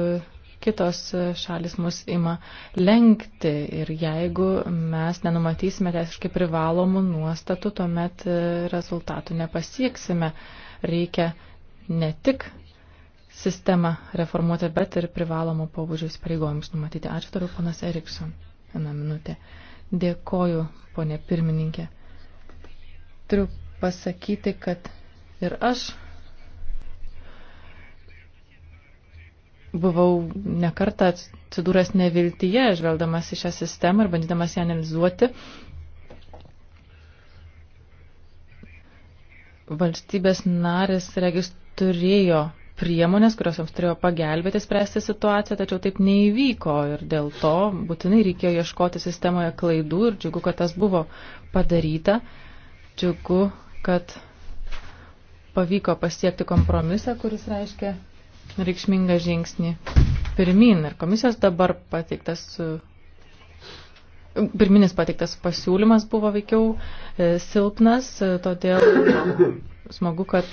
kitos šalis mus ima lenkti. Ir jeigu mes nenumatysime teisiškai privalomų nuostatų, tuomet e, rezultatų nepasieksime. Reikia ne tik sistemą reformuoti, bet ir privalomų pobūdžių įsipareigojimus numatyti. Ačiū toliau, ponas Erikson. Vieną minutę. Dėkoju, ponė pirmininkė. Turiu pasakyti, kad ir aš buvau nekartą atsidūręs neviltyje, žvelgdamas į šią sistemą ir bandydamas ją analizuoti. Valstybės narės regis turėjo priemonės, kurios joms turėjo pagelbėti spręsti situaciją, tačiau taip neįvyko ir dėl to būtinai reikėjo ieškoti sistemoje klaidų ir džiugu, kad tas buvo padaryta. Džiugu, kad pavyko pasiekti kompromisą, kuris reiškia reikšmingą žingsnį pirmin. Ir komisijos dabar pateiktas, pirminis pateiktas pasiūlymas buvo veikiau e, silpnas, e, todėl smagu, kad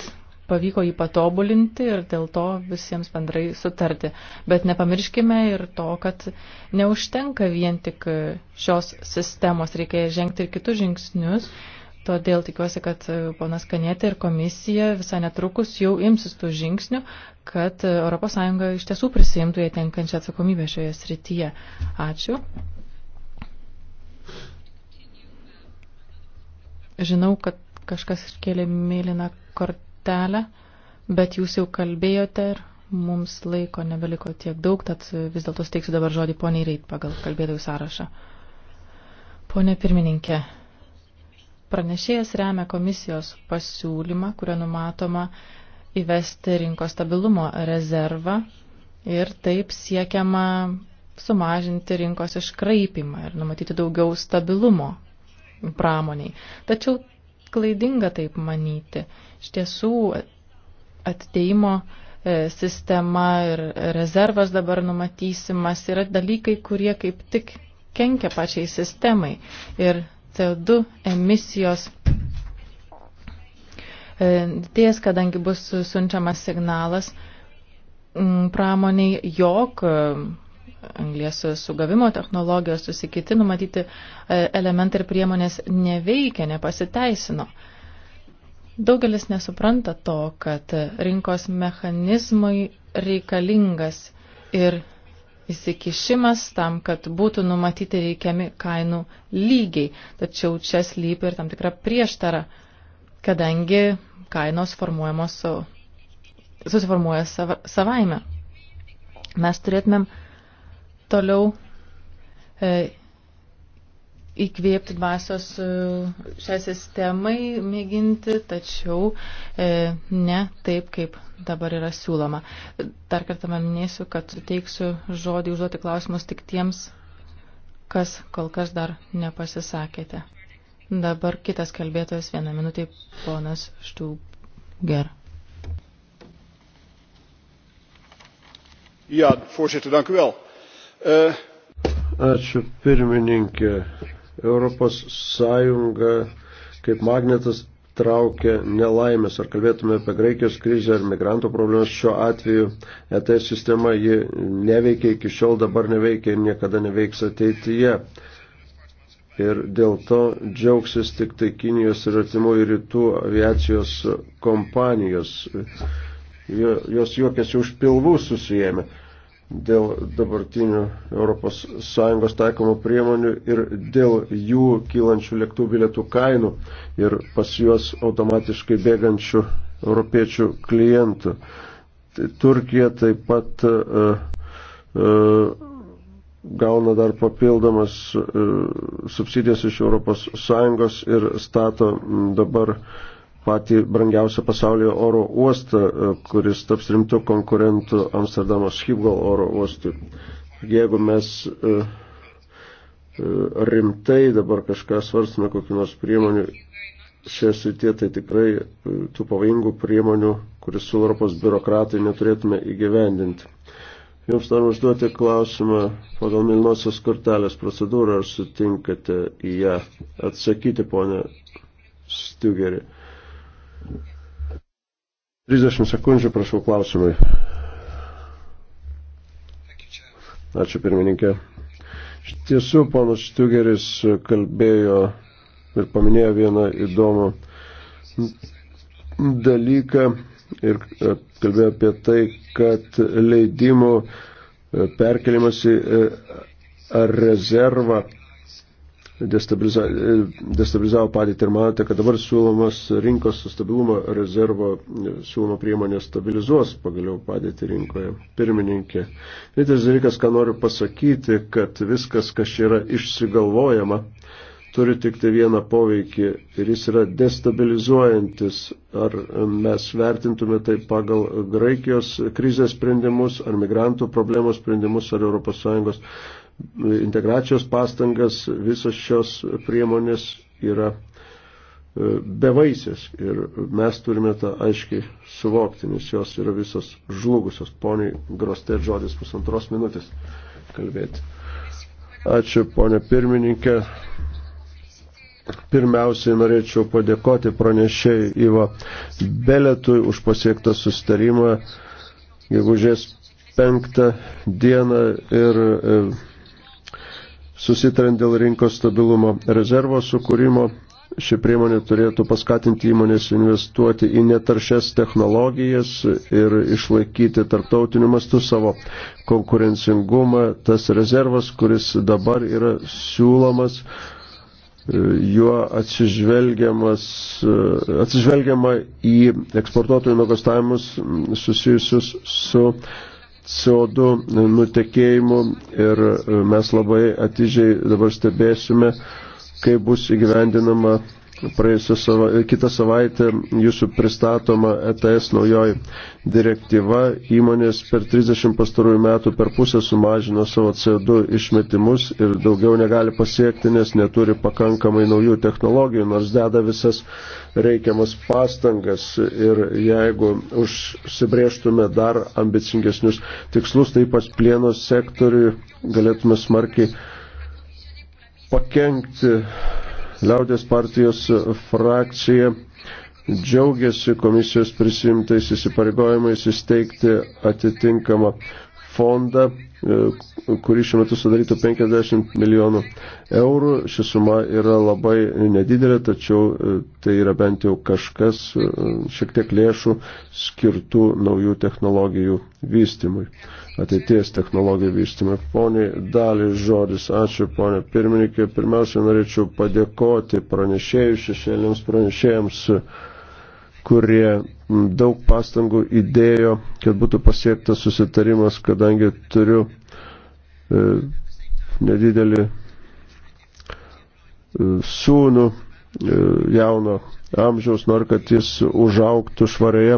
pavyko jį patobulinti ir dėl to visiems bendrai sutarti. Bet nepamirškime ir to, kad neužtenka vien tik šios sistemos, reikia žengti ir kitus žingsnius, Todėl tikiuosi, kad e, ponas Kanėtė ir komisija visai netrukus jau imsis tų žingsnių, kad ES iš tiesų prisijimtų jai tenkančią atsakomybę šioje srityje. Ačiū. Žinau, kad kažkas iškėlė mėlyną kortelę, bet jūs jau kalbėjote ir mums laiko nebeliko tiek daug, tad vis dėlto steiksiu dabar žodį poniai Reit pagal kalbėtojų sąrašą. Pone pirmininkė. Pranešėjas remia komisijos pasiūlymą, kurio numatoma įvesti rinkos stabilumo rezervą ir taip siekiama sumažinti rinkos iškraipimą ir numatyti daugiau stabilumo pramoniai. Tačiau klaidinga taip manyti. Iš tiesų atteimo e, sistema ir rezervas dabar numatysimas yra dalykai, kurie kaip tik kenkia pačiai sistemai. Ir CO2 emisijos dės, e, kadangi bus siunčiamas signalas pramoniai, jog e, anglės sugavimo technologijos susikiti numatyti e, elementai ir priemonės neveikia, nepasiteisino. Daugelis nesupranta to, kad rinkos mechanizmai reikalingas ir įsikišimas tam, kad būtų numatyti reikiami kainų lygiai. Tačiau čia slypi ir tam tikra prieštara, kadangi kainos formuojamos su, susiformuoja sava, savaime. Mes turėtumėm toliau e, įkvėpti dvasios e, šią sistemai mėginti, tačiau e, ne taip, kaip dabar yra siūloma. Dar kartą man minėsiu, kad suteiksiu žodį užduoti klausimus tik tiems, kas kol kas dar nepasisakėte. Dabar kitas kalbėtojas vieną minutę, ponas Štūger. Ja, voorzitter, dank u wel. Uh... Ačiū pirmininkė. Europos Sąjunga kaip magnetas traukia nelaimės. Ar kalbėtume apie Graikijos krizę ar migrantų problemas, šiuo atveju ETS sistema ji neveikia iki šiol, dabar neveikia ir niekada neveiks ateityje. Ir dėl to džiaugsis tik tai Kinijos ir artimųjų rytų aviacijos kompanijos. Jos juokėsi už pilvų susijėmė dėl dabartinių ES taikomų priemonių ir dėl jų kylančių lėktuvų bilietų kainų ir pas juos automatiškai bėgančių europiečių klientų. Tai Turkija taip pat uh, uh, gauna dar papildomas uh, subsidijas iš ES ir stato um, dabar uh, patį brangiausią pasaulio oro uostą, e, kuris taps rimtų konkurentų Amsterdamo Schiphol oro uostui. Jeigu mes e, e, rimtai dabar kažką svarstame kokį nors priemonių šią sritį, tai tikrai tų pavojingų priemonių, kuris su Europos biurokratai neturėtume įgyvendinti. Jums noriu užduoti klausimą pagal Milnosios kortelės procedūrą, ar sutinkate į ją atsakyti, ponė Stiugerį. 30 sekundžių, prašau, klausimai. Ačiū pirmininkė. Iš tiesų, ponas Štiugeris kalbėjo ir paminėjo vieną įdomų dalyką ir kalbėjo apie tai, kad leidimų perkelimas į e, rezervą destabilizavo padėtį ir manote, kad dabar siūlomas rinkos stabilumo rezervo e, siūloma priemonė stabilizuos pagaliau padėtį rinkoje. Pirmininkė. Vienintelis dalykas, ką noriu pasakyti, kad viskas, kas čia yra išsigalvojama, turi tik tai vieną poveikį ir jis yra destabilizuojantis. Ar mes vertintume tai pagal Graikijos krizės sprendimus, ar migrantų problemos sprendimus, ar ES integracijos pastangas, visos šios priemonės yra e, bevaisės ir mes turime tą aiškiai suvokti, nes jos yra visos žlugusios. Poniai Grostė žodis pusantros minutės kalbėti. Ačiū, ponė pirmininkė. Pirmiausiai norėčiau padėkoti pranešėjai Ivo Beletui už pasiektą sustarimą gegužės penktą dieną ir e, susitarant dėl rinkos stabilumo rezervo sukūrimo. Ši priemonė turėtų paskatinti įmonės investuoti į netaršias technologijas ir išlaikyti tarptautiniu mastu savo konkurencingumą. Tas rezervas, kuris dabar yra siūlomas, juo atsižvelgiama į eksportuotojų nuogastavimus susijusius su CO2 nutekėjimu ir e, mes labai atidžiai dabar stebėsime, kaip bus įgyvendinama praėjusią sava, kitą savaitę jūsų pristatoma ETS naujoji direktyva. Įmonės per 30 pastarųjų metų per pusę sumažino savo CO2 išmetimus ir daugiau negali pasiekti, nes neturi pakankamai naujų technologijų, nors deda visas reikiamas pastangas. Ir jeigu užsibrieštume dar ambicingesnius tikslus, tai ypač plieno sektoriui galėtume smarkiai pakenkti Liaudės partijos frakcija džiaugiasi komisijos prisimtais įsipareigojimais įsteigti atitinkamą fondą, e, kurį šiuo metu sudarytų 50 milijonų eurų. Ši suma yra labai nedidelė, tačiau e, tai yra bent jau kažkas, e, šiek tiek lėšų skirtų naujų technologijų vystimui ateities technologijų vystymą. Pone Dalį žodis, ačiū ponė pirmininkė. Pirmiausia, norėčiau padėkoti pranešėjus, šešėliams pranešėjams, kurie daug pastangų įdėjo, kad būtų pasiektas susitarimas, kadangi turiu e, nedidelį e, sūnų e, jauno amžiaus, nori, kad jis užauktų švarioje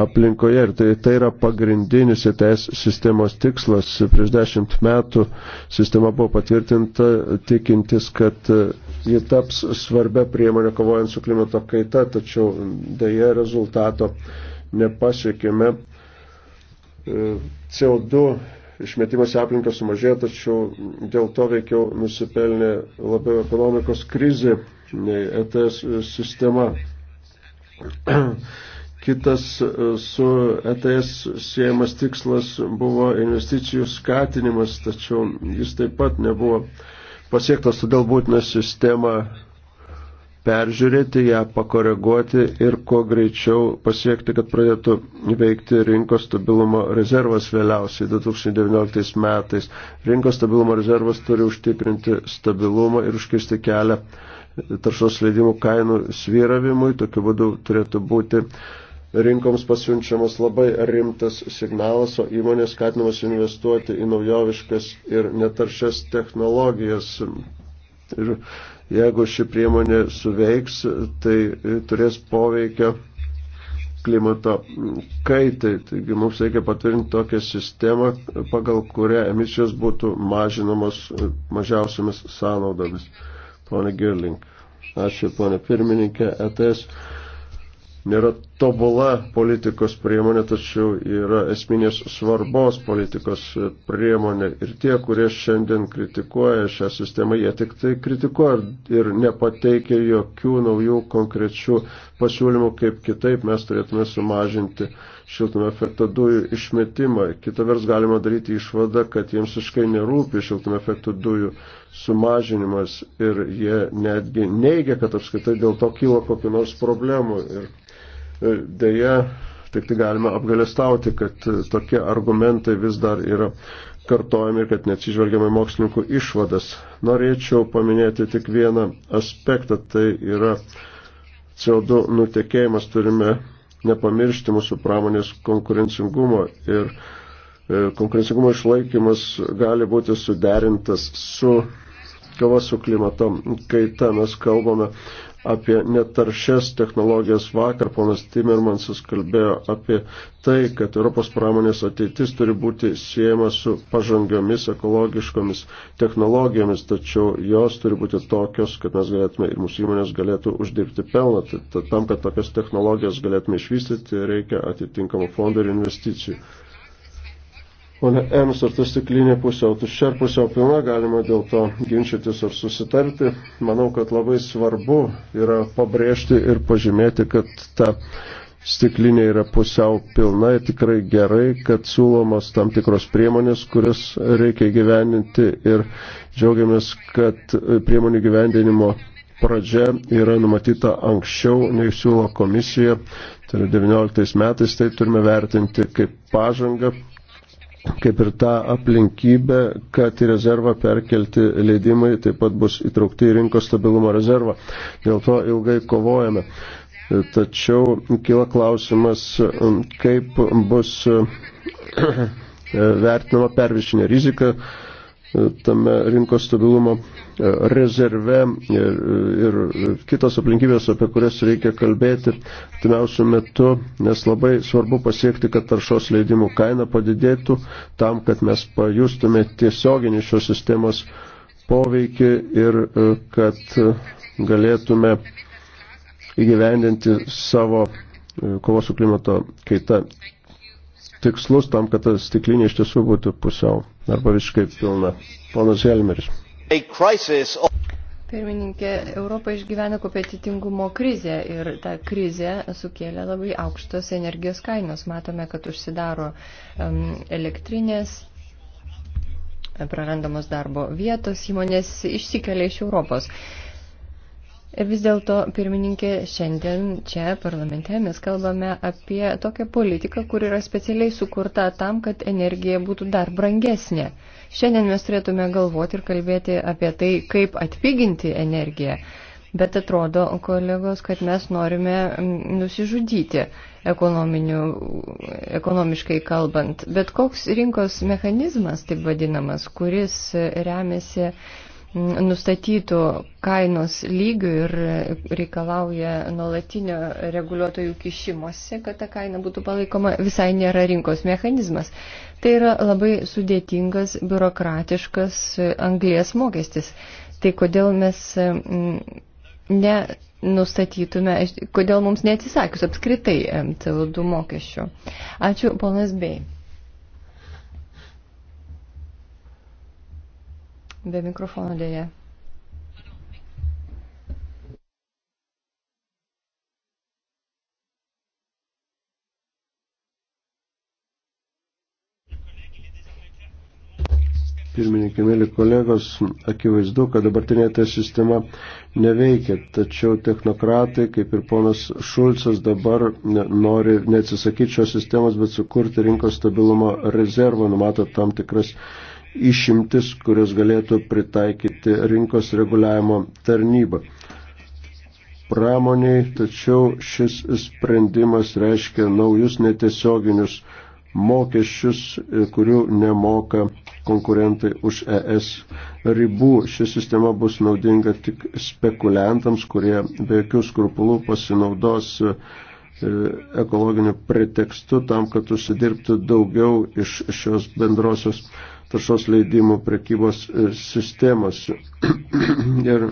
aplinkoje. Ir tai, tai yra pagrindinis ETS sistemos tikslas. Prieš dešimt metų sistema buvo patvirtinta tikintis, kad e, ji taps svarbia priemonė kovojant su klimato kaita, tačiau dėja rezultato nepasiekėme. E, CO2 išmetimas į aplinką sumažėjo, tačiau dėl to veikiau nusipelnė labiau ekonomikos krizė nei ETS sistema. Kitas e, su ETS siejamas tikslas buvo investicijų skatinimas, tačiau jis taip pat nebuvo pasiektas, todėl būtina sistemą peržiūrėti, ją pakoreguoti ir kuo greičiau pasiekti, kad pradėtų veikti rinkos stabilumo rezervas vėliausiai 2019 metais. Rinkos stabilumo rezervas turi užtikrinti stabilumą ir užkirsti kelią taršos leidimų kainų svyravimui. Tokiu būdu turėtų būti rinkoms pasiunčiamas labai rimtas signalas, o įmonės skatinamas investuoti į naujoviškas ir netaršias technologijas. Ir Jeigu ši priemonė suveiks, tai turės poveikio klimato kaitai. Taigi mums reikia patvirtinti tokią sistemą, pagal kurią emisijos būtų mažinamos mažiausiamis sąnaudomis. Pone Girling. Ačiū, pone pirmininkė. ETS nėra tobula politikos priemonė, tačiau yra esminės svarbos politikos priemonė. Ir tie, kurie šiandien kritikuoja šią sistemą, jie tik tai kritikuoja ir nepateikia jokių naujų konkrečių pasiūlymų, kaip kitaip mes turėtume sumažinti šiltume efekto dujų išmetimą. Kita vers galima daryti išvadą, kad jiems iškai nerūpi šiltume efekto dujų sumažinimas ir jie netgi neigia, kad apskaitai dėl to kyla kokiu nors problemu. Ir E, Deja, tik tai galima apgalestauti, kad e, tokie argumentai vis dar yra kartojami ir kad neatsižvelgiamai mokslininkų išvadas. Norėčiau paminėti tik vieną aspektą, tai yra CO2 nutekėjimas, turime nepamiršti mūsų pramonės konkurencingumo ir e, konkurencingumo išlaikymas gali būti suderintas su kova su klimato kaita. Mes kalbame apie netaršias technologijas vakar, ponas Timermansas kalbėjo apie tai, kad Europos pramonės ateitis turi būti siejama su pažangiomis ekologiškomis technologijomis, tačiau jos turi būti tokios, kad mes galėtume ir mūsų įmonės galėtų uždirbti pelną. Tad tam, kad tokias technologijas galėtume išvystyti, reikia atitinkamų fondų ir investicijų o ne Ems ar ta stiklinė pusiau tuščia ar pusiau pilna, galima dėl to ginčytis ar susitarti. Manau, kad labai svarbu yra pabrėžti ir pažymėti, kad ta stiklinė yra pusiau pilna ir tikrai gerai, kad siūlomos tam tikros priemonės, kurias reikia gyveninti ir džiaugiamės, kad priemonių gyvendinimo pradžia yra numatyta anksčiau, nei siūlo komisija, tai yra 19 metais, tai turime vertinti kaip pažangą kaip ir tą aplinkybę, kad į rezervą perkelti leidimai taip pat bus įtraukti į rinkos stabilumo rezervą. Dėl to ilgai kovojame. Tačiau kyla klausimas, kaip bus vertinama pervišinė rizika, tame rinkos stabilumo e, rezerve ir, ir kitos aplinkybės, apie kurias reikia kalbėti timiausių metų, nes labai svarbu pasiekti, kad taršos leidimų kaina padidėtų tam, kad mes pajustume tiesioginį šios sistemos poveikį ir e, kad galėtume įgyvendinti savo e, kovos su klimato kaita tikslus tam, kad ta stiklinė iš tiesų būtų pusiau arba visiškai pilna. Ponas Helmeris. Pirmininkė, Europa išgyvena kompetitingumo krizę ir ta krizė sukėlė labai aukštos energijos kainos. Matome, kad užsidaro um, elektrinės, prarandamos darbo vietos, įmonės išsikelia iš Europos. Uh, Vis dėlto, pirmininkė, šiandien čia parlamente mes kalbame apie tokią politiką, kur yra specialiai sukurta tam, kad energija būtų dar brangesnė. Šiandien mes turėtume galvoti ir kalbėti apie tai, kaip atpiginti energiją. Bet atrodo, kolegos, kad mes norime mm, nusižudyti ekonomiškai kalbant. Bet koks rinkos mechanizmas, taip vadinamas, kuris remiasi nustatytų kainos lygių ir reikalauja nuolatinio reguliuotojų kišimosi, kad ta kaina būtų palaikoma, visai nėra rinkos mechanizmas. Tai yra labai sudėtingas, biurokratiškas anglės mokestis. Tai kodėl mes mm, nenustatytume, kodėl mums neatsisakius apskritai CO2 mokesčių. Ačiū, ponas Bei. Be mikrofono dėja. Pirmininkė, mėly kolegos, akivaizdu, kad dabartinė ta sistema neveikia, tačiau technokratai, kaip ir ponas Šulcas, dabar nori neatsisakyti šios sistemos, bet sukurti rinkos stabilumo rezervą, numato tam tikras išimtis, kurias galėtų pritaikyti rinkos reguliavimo tarnyba. Pramoniai, tačiau šis sprendimas reiškia naujus netiesioginius mokesčius, kurių nemoka konkurentai už ES ribų. Ši sistema bus naudinga tik spekuliantams, kurie be jokių skrupulų pasinaudos e, ekologiniu pretekstu tam, kad užsidirbtų daugiau iš šios bendrosios taršos leidimų prekybos e, sistemos. ir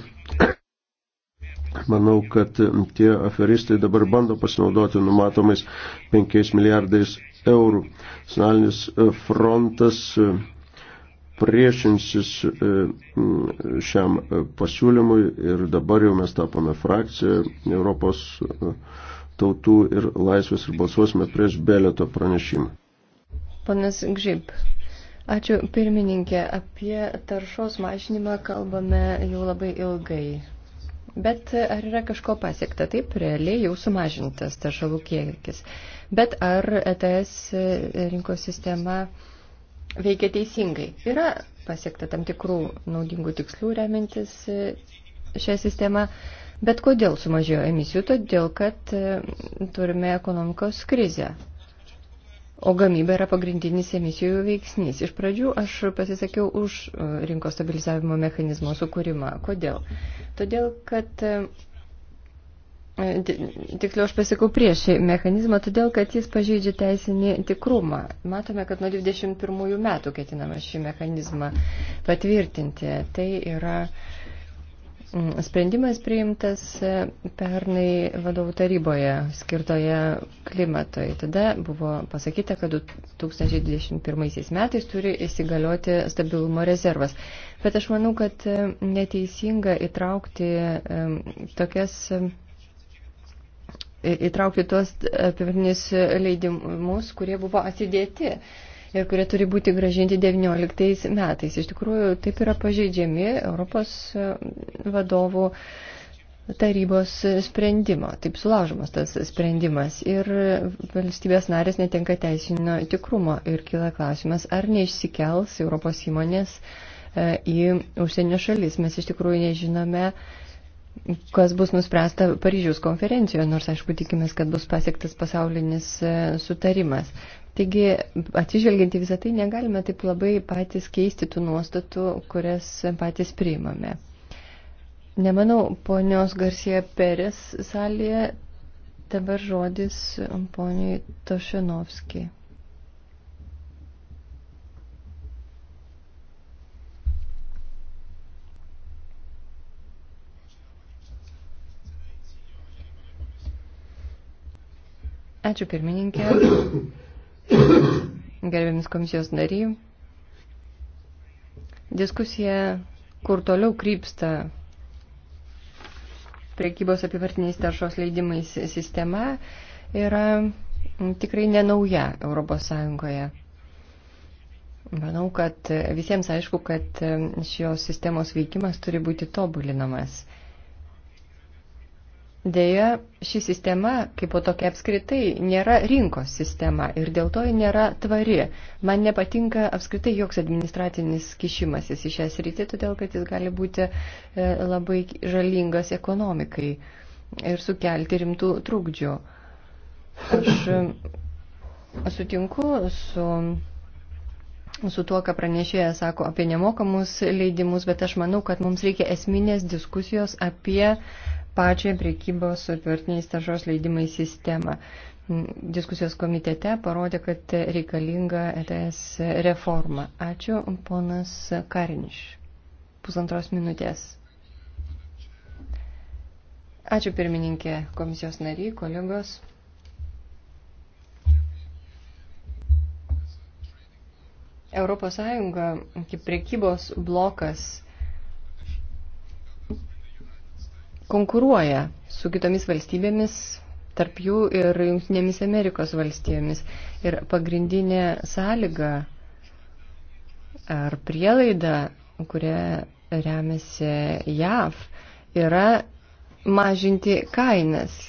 manau, kad e, tie aferistai dabar bando pasinaudoti numatomais 5 milijardais eurų. Nacionalinis e, frontas priešinsis šiam pasiūlymui ir dabar jau mes tapome frakciją Europos tautų ir laisvės ir balsuosime prieš Beleto pranešimą. Panas Gžyb. Ačiū pirmininkė. Apie taršos mažinimą kalbame jau labai ilgai. Bet ar yra kažko pasiekta? Taip, realiai jau sumažintas taršalų kiekis. Bet ar ETS rinkos sistema veikia teisingai? Yra pasiekta tam tikrų naudingų tikslų remintis e, šią sistemą. Bet kodėl sumažėjo emisijų? Todėl, kad e, turime ekonomikos krizę. O gamyba yra pagrindinis emisijų veiksnys. Iš pradžių aš pasisakiau už e, rinkos stabilizavimo mechanizmo sukūrimą. Kodėl? Todėl, kad. E, e, tiksliau, aš pasikau prieš šį mechanizmą, todėl, kad jis pažeidžia teisinį tikrumą. Matome, kad nuo 21 metų ketinama šį mechanizmą patvirtinti. Tai yra uh, Mm, sprendimas priimtas e, pernai vadovų taryboje skirtoje klimatoj. Tada buvo pasakyta, kad 2021 metais turi įsigalioti stabilumo rezervas. Bet aš manau, kad e, neteisinga įtraukti e, tokias įtraukti tuos apivartinius leidimus, kurie buvo atidėti. Uh, ir kurie turi būti gražinti 19 metais. Iš tikrųjų, taip yra pažeidžiami Europos e, vadovų tarybos sprendimo, taip sulaužomas tas sprendimas ir valstybės narės netenka teisinio tikrumo ir kyla klausimas, ar neišsikels Europos įmonės e, į užsienio šalis. Mes iš tikrųjų nežinome, kas bus nuspręsta Paryžiaus konferencijoje, nors aišku tikimės, kad bus pasiektas pasaulinis e, sutarimas. Taigi, atsižvelgiant į visą tai, negalime taip labai patys keisti tų nuostatų, kurias patys priimame. Nemanau, ponios Garcia Peres salėje dabar žodis poniai Tošinovskiai. Ačiū pirmininkė. Gerbiamis komisijos nariai, diskusija, kur toliau krypsta priekybos apivartiniais taršos leidimais sistema, yra tikrai nenauja Europos Sąjungoje. Manau, kad visiems aišku, kad šios sistemos veikimas turi būti tobulinamas. Deja, ši sistema, kaip po tokia apskritai, nėra rinkos sistema ir dėl to ji nėra tvari. Man nepatinka apskritai joks administracinis kišimasis į šią sritį, todėl kad jis gali būti e, labai žalingas ekonomikai ir sukelti rimtų trūkdžių. Aš e, sutinku su, su tuo, ką pranešėja sako apie nemokamus leidimus, bet aš manau, kad mums reikia esminės diskusijos apie pačią priekybos su atvirtiniais taršos leidimai sistemą. Diskusijos komitete parodė, kad reikalinga ETS reforma. Ačiū, ponas Kariniš. Pusantros minutės. Ačiū pirmininkė komisijos nariai, kolegos. Europos Sąjunga kaip priekybos blokas konkuruoja su kitomis valstybėmis, tarp jų ir Junktinėmis Amerikos valstybėmis. Ir pagrindinė sąlyga ar prielaida, kuria remiasi JAV, yra mažinti kainas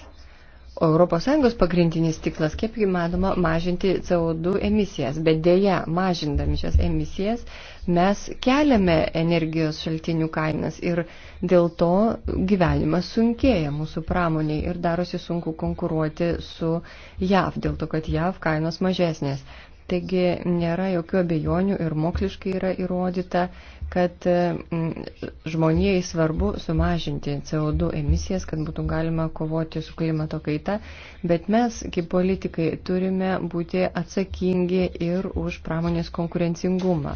ES pagrindinis tiklas, kaip įmanoma, mažinti CO2 emisijas, bet dėja, mažindami šias emisijas, mes keliame energijos šaltinių kainas ir dėl to gyvenimas sunkėja mūsų pramoniai ir darosi sunku konkuruoti su JAV, dėl to, kad JAV kainos mažesnės. Taigi nėra jokių abejonių ir moksliškai yra įrodyta, kad e, žmonijai svarbu sumažinti CO2 emisijas, kad būtų galima kovoti su klimato kaita, bet mes, kaip politikai, turime būti atsakingi ir už pramonės konkurencingumą.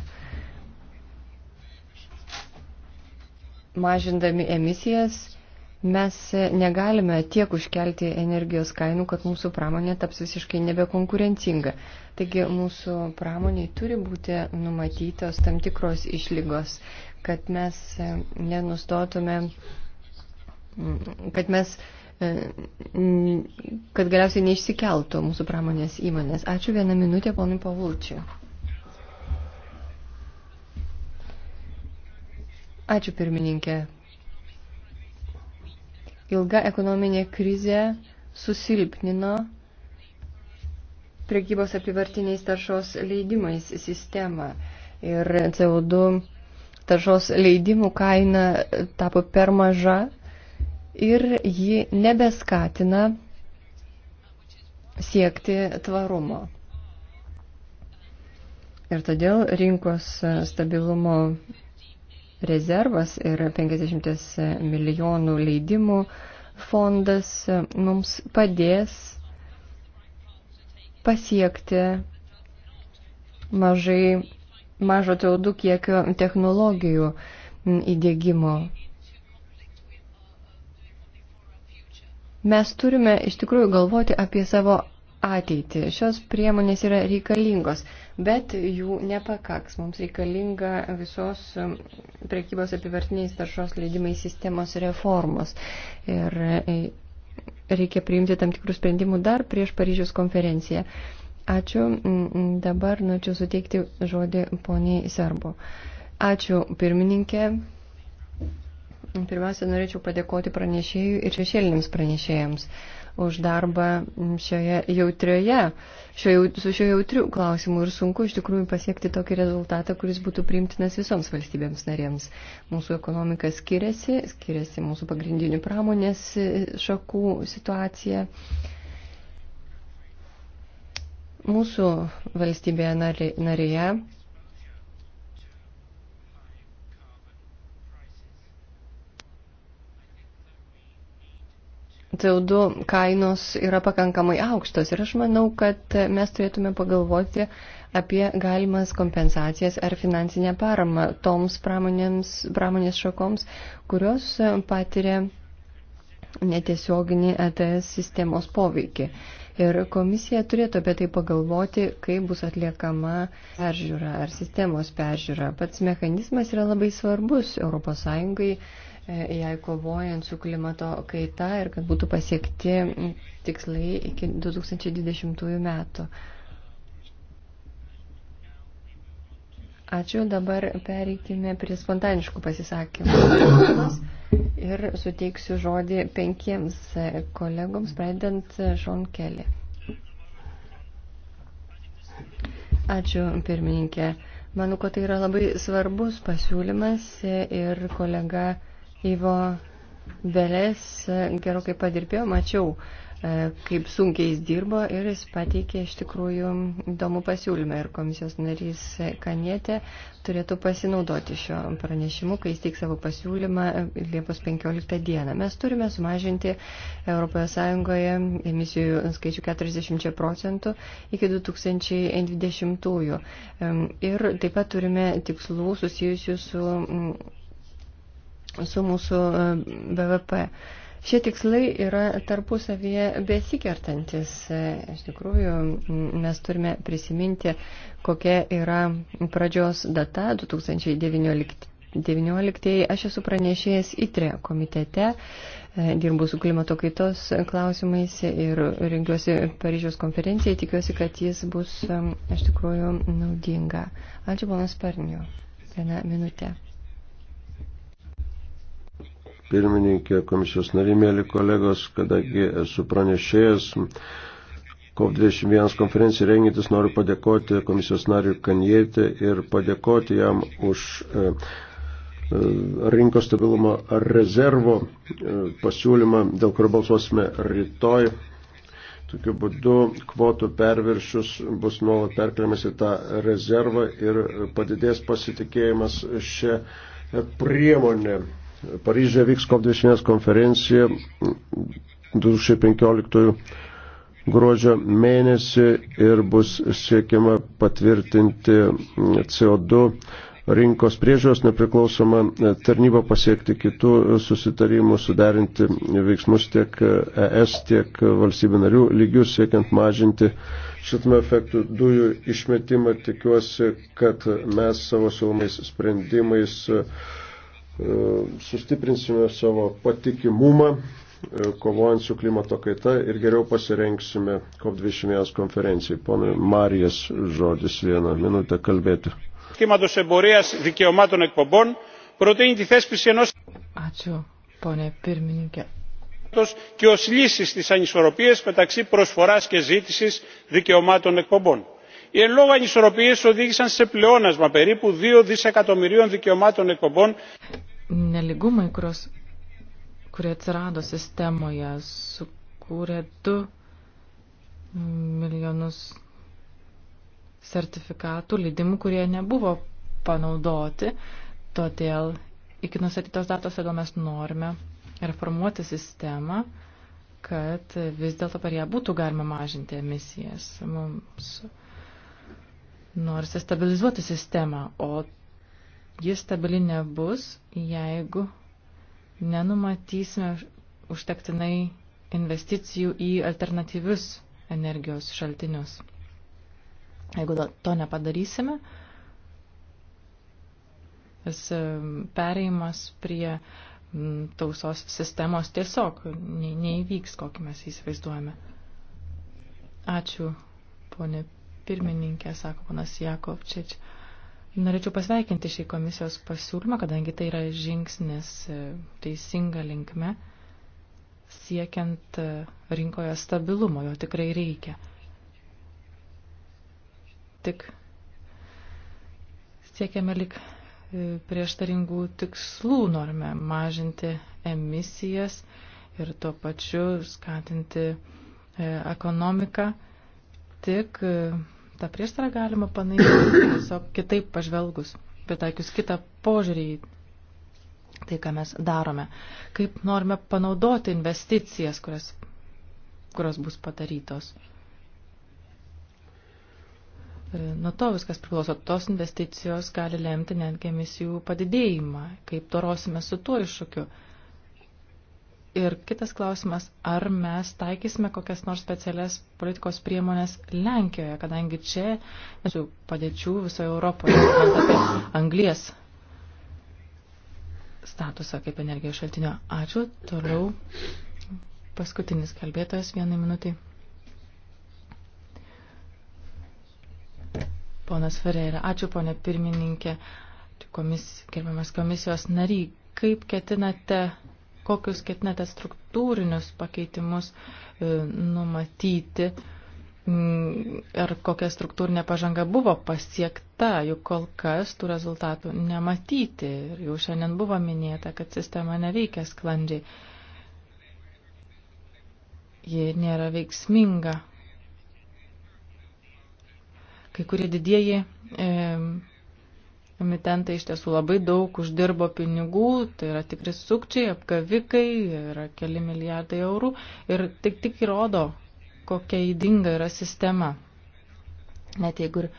Mažindami emisijas Mes negalime tiek užkelti energijos kainų, kad mūsų pramonė taps visiškai nebekonkurencinga. Taigi mūsų pramoniai turi būti numatytos tam tikros išlygos, kad mes e, nenustotume, mm, kad mes e, kad galiausiai neišsikeltų mūsų pramonės įmonės. Ačiū vieną minutę, ponui Pavulčiui. Ačiū pirmininkė. Ilga ekonominė krizė susilpnino priekybos apivartiniais taršos leidimais sistemą ir CO2 taršos leidimų kaina tapo per maža ir ji nebeskatina siekti tvarumo. Ir todėl rinkos stabilumo rezervas ir 50 milijonų leidimų fondas mums padės pasiekti mažai, mažo CO2 kiekio technologijų įdėgymo. Mes turime iš tikrųjų galvoti apie savo ateitį. Šios priemonės yra reikalingos, bet jų nepakaks. Mums reikalinga visos um, prekybos apivartiniais taršos leidimai sistemos reformos. Ir e, reikia priimti tam tikrų sprendimų dar prieš Paryžiaus konferenciją. Ačiū. Mm, mm, dabar norėčiau suteikti žodį poniai Serbo. Ačiū pirmininkė. Pirmiausia, norėčiau padėkoti pranešėjui ir šešėlinims pranešėjams. Uh, už darbą šioje jautrioje, šio, su šio jautriu klausimu ir sunku iš tikrųjų pasiekti tokį rezultatą, kuris būtų priimtinas visoms valstybėms narėms. Mūsų ekonomika skiriasi, skiriasi mūsų pagrindinių pramonės šakų situacija. Mūsų valstybėje narėje CO2 kainos yra pakankamai aukštos ir aš manau, kad mes turėtume pagalvoti apie galimas kompensacijas ar finansinę paramą toms pramonės šakoms, kurios patiria netiesioginį ETS sistemos poveikį. Ir komisija turėtų apie tai pagalvoti, kaip bus atliekama peržiūra ar sistemos peržiūra. Pats mechanizmas yra labai svarbus ES, e, jai kovojant su klimato kaita ir kad būtų pasiekti tikslai iki 2020 metų. Ačiū, dabar pereikime prie spontaniškų pasisakymų ir suteiksiu žodį penkiems kolegoms, pradedant Šon Kelį. Ačiū, pirmininkė. Manau, kad tai yra labai svarbus pasiūlymas ir kolega Ivo Belės gerokai padirbėjo, mačiau E, kaip sunkiai jis dirbo ir jis pateikė iš tikrųjų įdomų pasiūlymą ir komisijos narys Kanietė turėtų pasinaudoti šio pranešimu, kai jis teiks savo pasiūlymą e, Liepos 15 dieną. Mes turime sumažinti ES emisijų skaičių 40 procentų iki 2020. Ir taip pat turime tikslų susijusių su, su mūsų e, BVP. Šie tikslai yra tarpusavėje besikertantis. Iš tikrųjų, mes turime prisiminti, kokia yra pradžios data 2019. 19. Aš esu pranešėjęs ITRE komitete, dirbu su klimato kaitos klausimais ir rengiuosi Paryžiaus konferencijai, tikiuosi, kad jis bus iš tikrųjų naudinga. Ačiū, ponas Parniu. Vieną minutę pirmininkė, komisijos nariai, mėly kolegos, kadangi esu pranešėjęs COP21 konferencijai rengintis, noriu padėkoti komisijos nariui Kanjėti ir padėkoti jam už e, e, rinkos stabilumo rezervo e, pasiūlymą, dėl kurio balsuosime rytoj. Tokiu būdu kvotų perviršius bus nuolat perkeliamas į tą rezervą ir padidės pasitikėjimas šią priemonę. Paryžė vyks COP20 konferencija 2015 gruodžio mėnesį ir bus siekiama patvirtinti CO2 rinkos priežiūros nepriklausomą tarnybą pasiekti kitų susitarimų, suderinti veiksmus tiek ES, tiek valstybių narių lygius, siekiant mažinti šitame efektų dujų išmetimą. Tikiuosi, kad mes savo siūlomais sprendimais uh, E, sustiprinsime savo patikimumą, e, kovojant su klimato kaita ir geriau pasirengsime COP21 konferencijai. Pone Marijas žodis vieną minutę kalbėti. Ačiū, ponė pirmininkė. και ως λύσεις στις ανισορροπίες μεταξύ προσφοράς και ζήτησης δικαιωμάτων εκπομπών. Οι εν λόγω ανισορροπίες οδήγησαν σε πλεόνασμα περίπου 2 δισεκατομμυρίων δικαιωμάτων εκπομπών neligumai, kurios, kurie atsirado sistemoje, sukūrė 2 milijonus sertifikatų lydimų, kurie nebuvo panaudoti. Todėl iki nusatytos datos, todėl mes norime reformuoti sistemą, kad vis dėlto per ją būtų galima mažinti emisijas. Mums norisi stabilizuoti sistemą, o jis stabili nebus, jeigu nenumatysime užtektinai investicijų į alternatyvius energijos šaltinius. Jeigu to nepadarysime, tas pereimas prie tausos sistemos tiesiog neįvyks, kokį mes įsivaizduojame. Ačiū, ponė pirmininkė, sako ponas Jakovčič. Norėčiau pasveikinti šį komisijos pasiūlymą, kadangi tai yra žingsnis e, teisinga linkme, siekiant e, rinkoje stabilumo, jo tikrai reikia. Tik siekiame lik e, prieštaringų tikslų, norime mažinti emisijas ir tuo pačiu skatinti ekonomiką tik tą prieštarą galima panaikinti tiesiog kitaip pažvelgus, pritaikius kitą požiūrį į tai, ką mes darome. Kaip norime panaudoti investicijas, kurias, kurios bus padarytos. Nuo to viskas priklauso. Tos investicijos gali lemti netgi emisijų padidėjimą. Kaip dorosime su tuo iššūkiu. Ir kitas klausimas, ar mes taikysime kokias nors specialias politikos priemonės Lenkijoje, kadangi čia su padėčių visoje Europoje, apie anglies statusą kaip energijos šaltinio. Ačiū. Toliau paskutinis kalbėtojas vienai minutai. Ponas Ferreira, ačiū ponė pirmininkė, komis, gerbiamas komisijos nary, kaip ketinate kokius ketinate struktūrinius pakeitimus e, numatyti ir mm, kokia struktūrinė pažanga buvo pasiekta, juk kol kas tų rezultatų nematyti. Ir jau šiandien buvo minėta, kad sistema neveikia sklandžiai. Ji nėra veiksminga. Kai kurie didieji e, Emitentai iš tiesų labai daug uždirbo pinigų, tai yra tikri sukčiai, apgavikai, yra keli milijardai eurų ir tik tik įrodo, kokia įdinga yra sistema. Net jeigu ir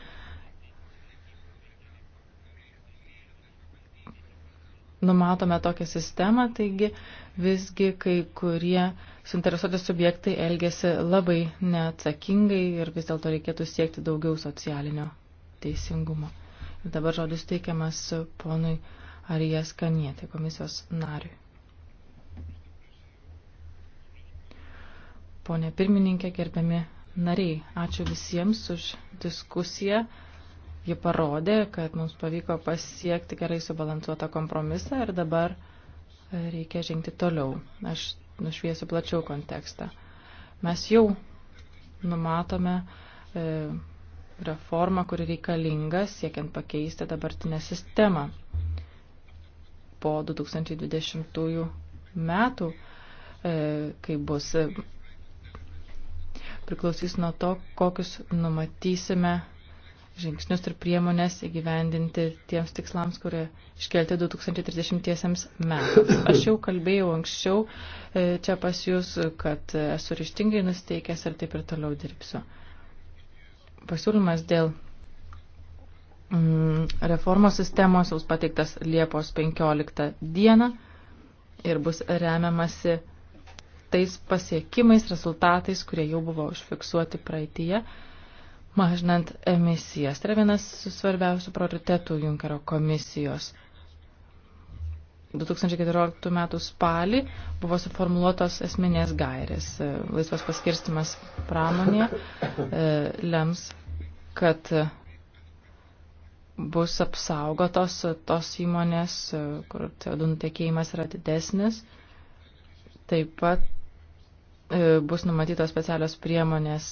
numatome tokią sistemą, taigi visgi kai kurie suinteresuoti subjektai elgesi labai neatsakingai ir vis dėlto reikėtų siekti daugiau socialinio teisingumo. Dabar žodis teikiamas ponui Arijas Kanietė, komisijos nariui. Pone pirmininkė, gerbiami nariai, ačiū visiems už diskusiją. Ji parodė, kad mums pavyko pasiekti gerai subalansuotą kompromisą ir dabar reikia žengti toliau. Aš nušviesiu plačiau kontekstą. Mes jau numatome e, reforma, kuri reikalinga siekiant pakeisti dabartinę sistemą. Po 2020 metų, e, kai bus, e, priklausys nuo to, kokius numatysime žingsnius ir priemonės įgyvendinti tiems tikslams, kurie iškelti 2030 metams. Aš jau kalbėjau anksčiau e, čia pas jūs, kad esu ryštingai nusteikęs ir taip ir toliau dirbsiu pasiūlymas dėl mm, reformos sistemos jau pateiktas Liepos 15 dieną ir bus remiamasi tais pasiekimais, rezultatais, kurie jau buvo užfiksuoti praeitie, mažinant emisijas. Tai yra vienas svarbiausių prioritetų Junkero komisijos. 2014 m. spalį buvo suformuluotos esminės gairės. E, laisvas paskirstimas pramonė e, lems, kad bus apsaugotos tos įmonės, e, kur CO2 nutekėjimas yra didesnis. Taip pat bus numatytos specialios priemonės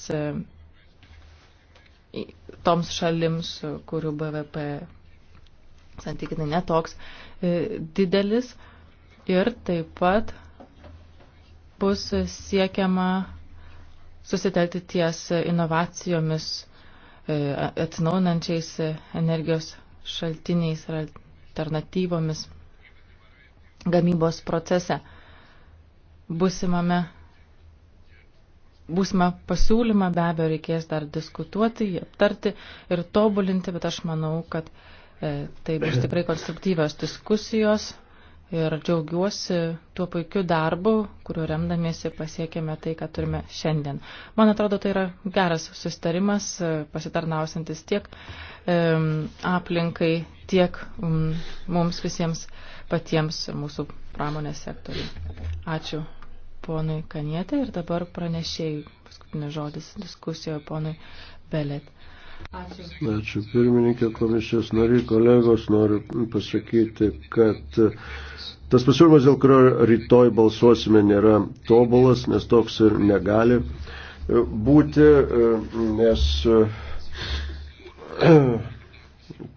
toms šalims, kurių BVP santykinai netoks E, didelis ir taip pat bus siekiama susitelkti ties inovacijomis, e, atsinaunančiais energijos šaltiniais ir alternatyvomis gamybos procese. Būsimame būsimą pasiūlymą be abejo reikės dar diskutuoti, jį aptarti ir tobulinti, bet aš manau, kad E, tai bus tikrai konstruktyvios diskusijos ir džiaugiuosi tuo puikiu darbu, kuriuo remdamiesi pasiekėme tai, ką turime šiandien. Man atrodo, tai yra geras sustarimas, e, pasitarnausantis tiek um, aplinkai, tiek um, mums visiems patiems mūsų pramonės sektoriai. Ačiū ponui Kanietė ir dabar pranešėjai paskutinis žodis diskusijoje ponui Belet. Ačiū. Ačiū pirmininkė komisijos nariai, kolegos, noriu pasakyti, kad tas pasiūlymas, dėl kurio rytoj balsuosime, nėra tobulas, nes toks ir negali būti, nes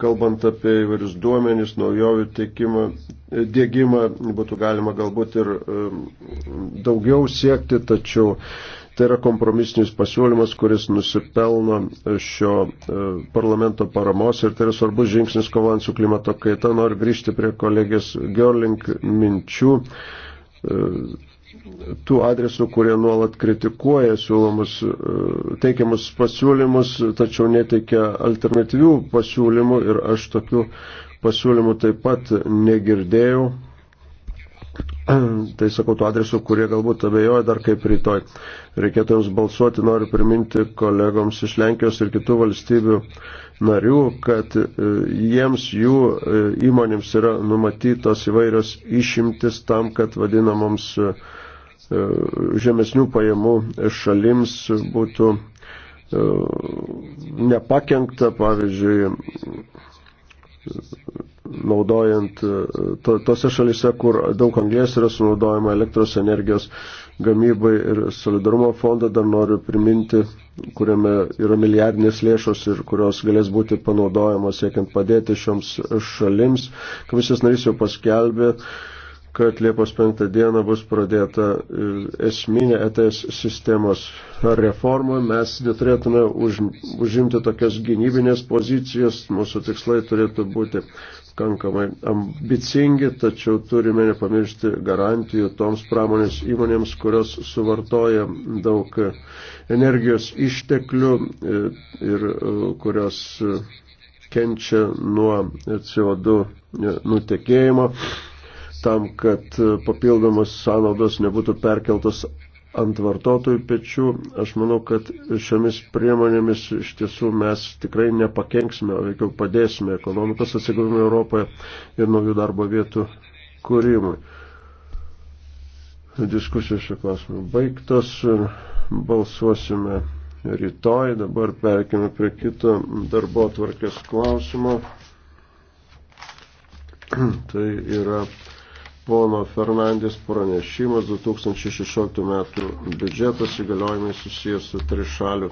kalbant apie įvairius duomenys, naujovių teikimą, dėgymą, būtų galima galbūt ir um, daugiau siekti, tačiau tai yra kompromisinis pasiūlymas, kuris nusipelno šio e, parlamento paramos ir tai yra svarbus žingsnis kovant su klimato kaita. Noriu grįžti prie kolegės Gerling minčių e, tų adresų, kurie nuolat kritikuoja siūlomus, e, teikiamus pasiūlymus, tačiau neteikia alternatyvių pasiūlymų ir aš tokių pasiūlymų taip pat negirdėjau. Tai sakau, tų adresų, kurie galbūt abejoja dar kaip rytoj. Reikėtų jums balsuoti, noriu priminti kolegoms iš Lenkijos ir kitų valstybių narių, kad e, jiems jų e, įmonėms yra numatytos įvairios išimtis tam, kad vadinamoms uh, žemesnių pajamų šalims būtų e, nepakenkta, pavyzdžiui, naudojant e, to, tose šalise, kur daug anglės yra sunaudojama elektros energijos gamybai ir solidarumo fondą dar noriu priminti, kuriame yra milijardinės lėšos ir kurios galės būti panaudojamos siekiant padėti šioms šalims. Komisijos narys jau paskelbė kad Liepos 5 dieną bus pradėta esminė ETS sistemos reforma. Mes neturėtume už, užimti tokias gynybinės pozicijas, mūsų tikslai turėtų būti kankamai ambicingi, tačiau turime nepamiršti garantijų toms pramonės įmonėms, kurios suvartoja daug energijos išteklių e, ir e, kurios e, kenčia nuo CO2 nutekėjimo tam, kad papildomas sąnaudos nebūtų perkeltos ant vartotojų pečių. Aš manau, kad šiomis priemonėmis iš tiesų mes tikrai nepakenksime, o veikiau padėsime ekonomikos atsigavimui Europoje ir naujų darbo vietų kūrimui. Diskusijos šio klausimu baigtos ir balsuosime rytoj. Dabar perkime prie kito darbo tvarkės klausimo. tai yra pono Fernandės pranešimas 2016 metų biudžetas įgaliojimai susijęs su trišaliu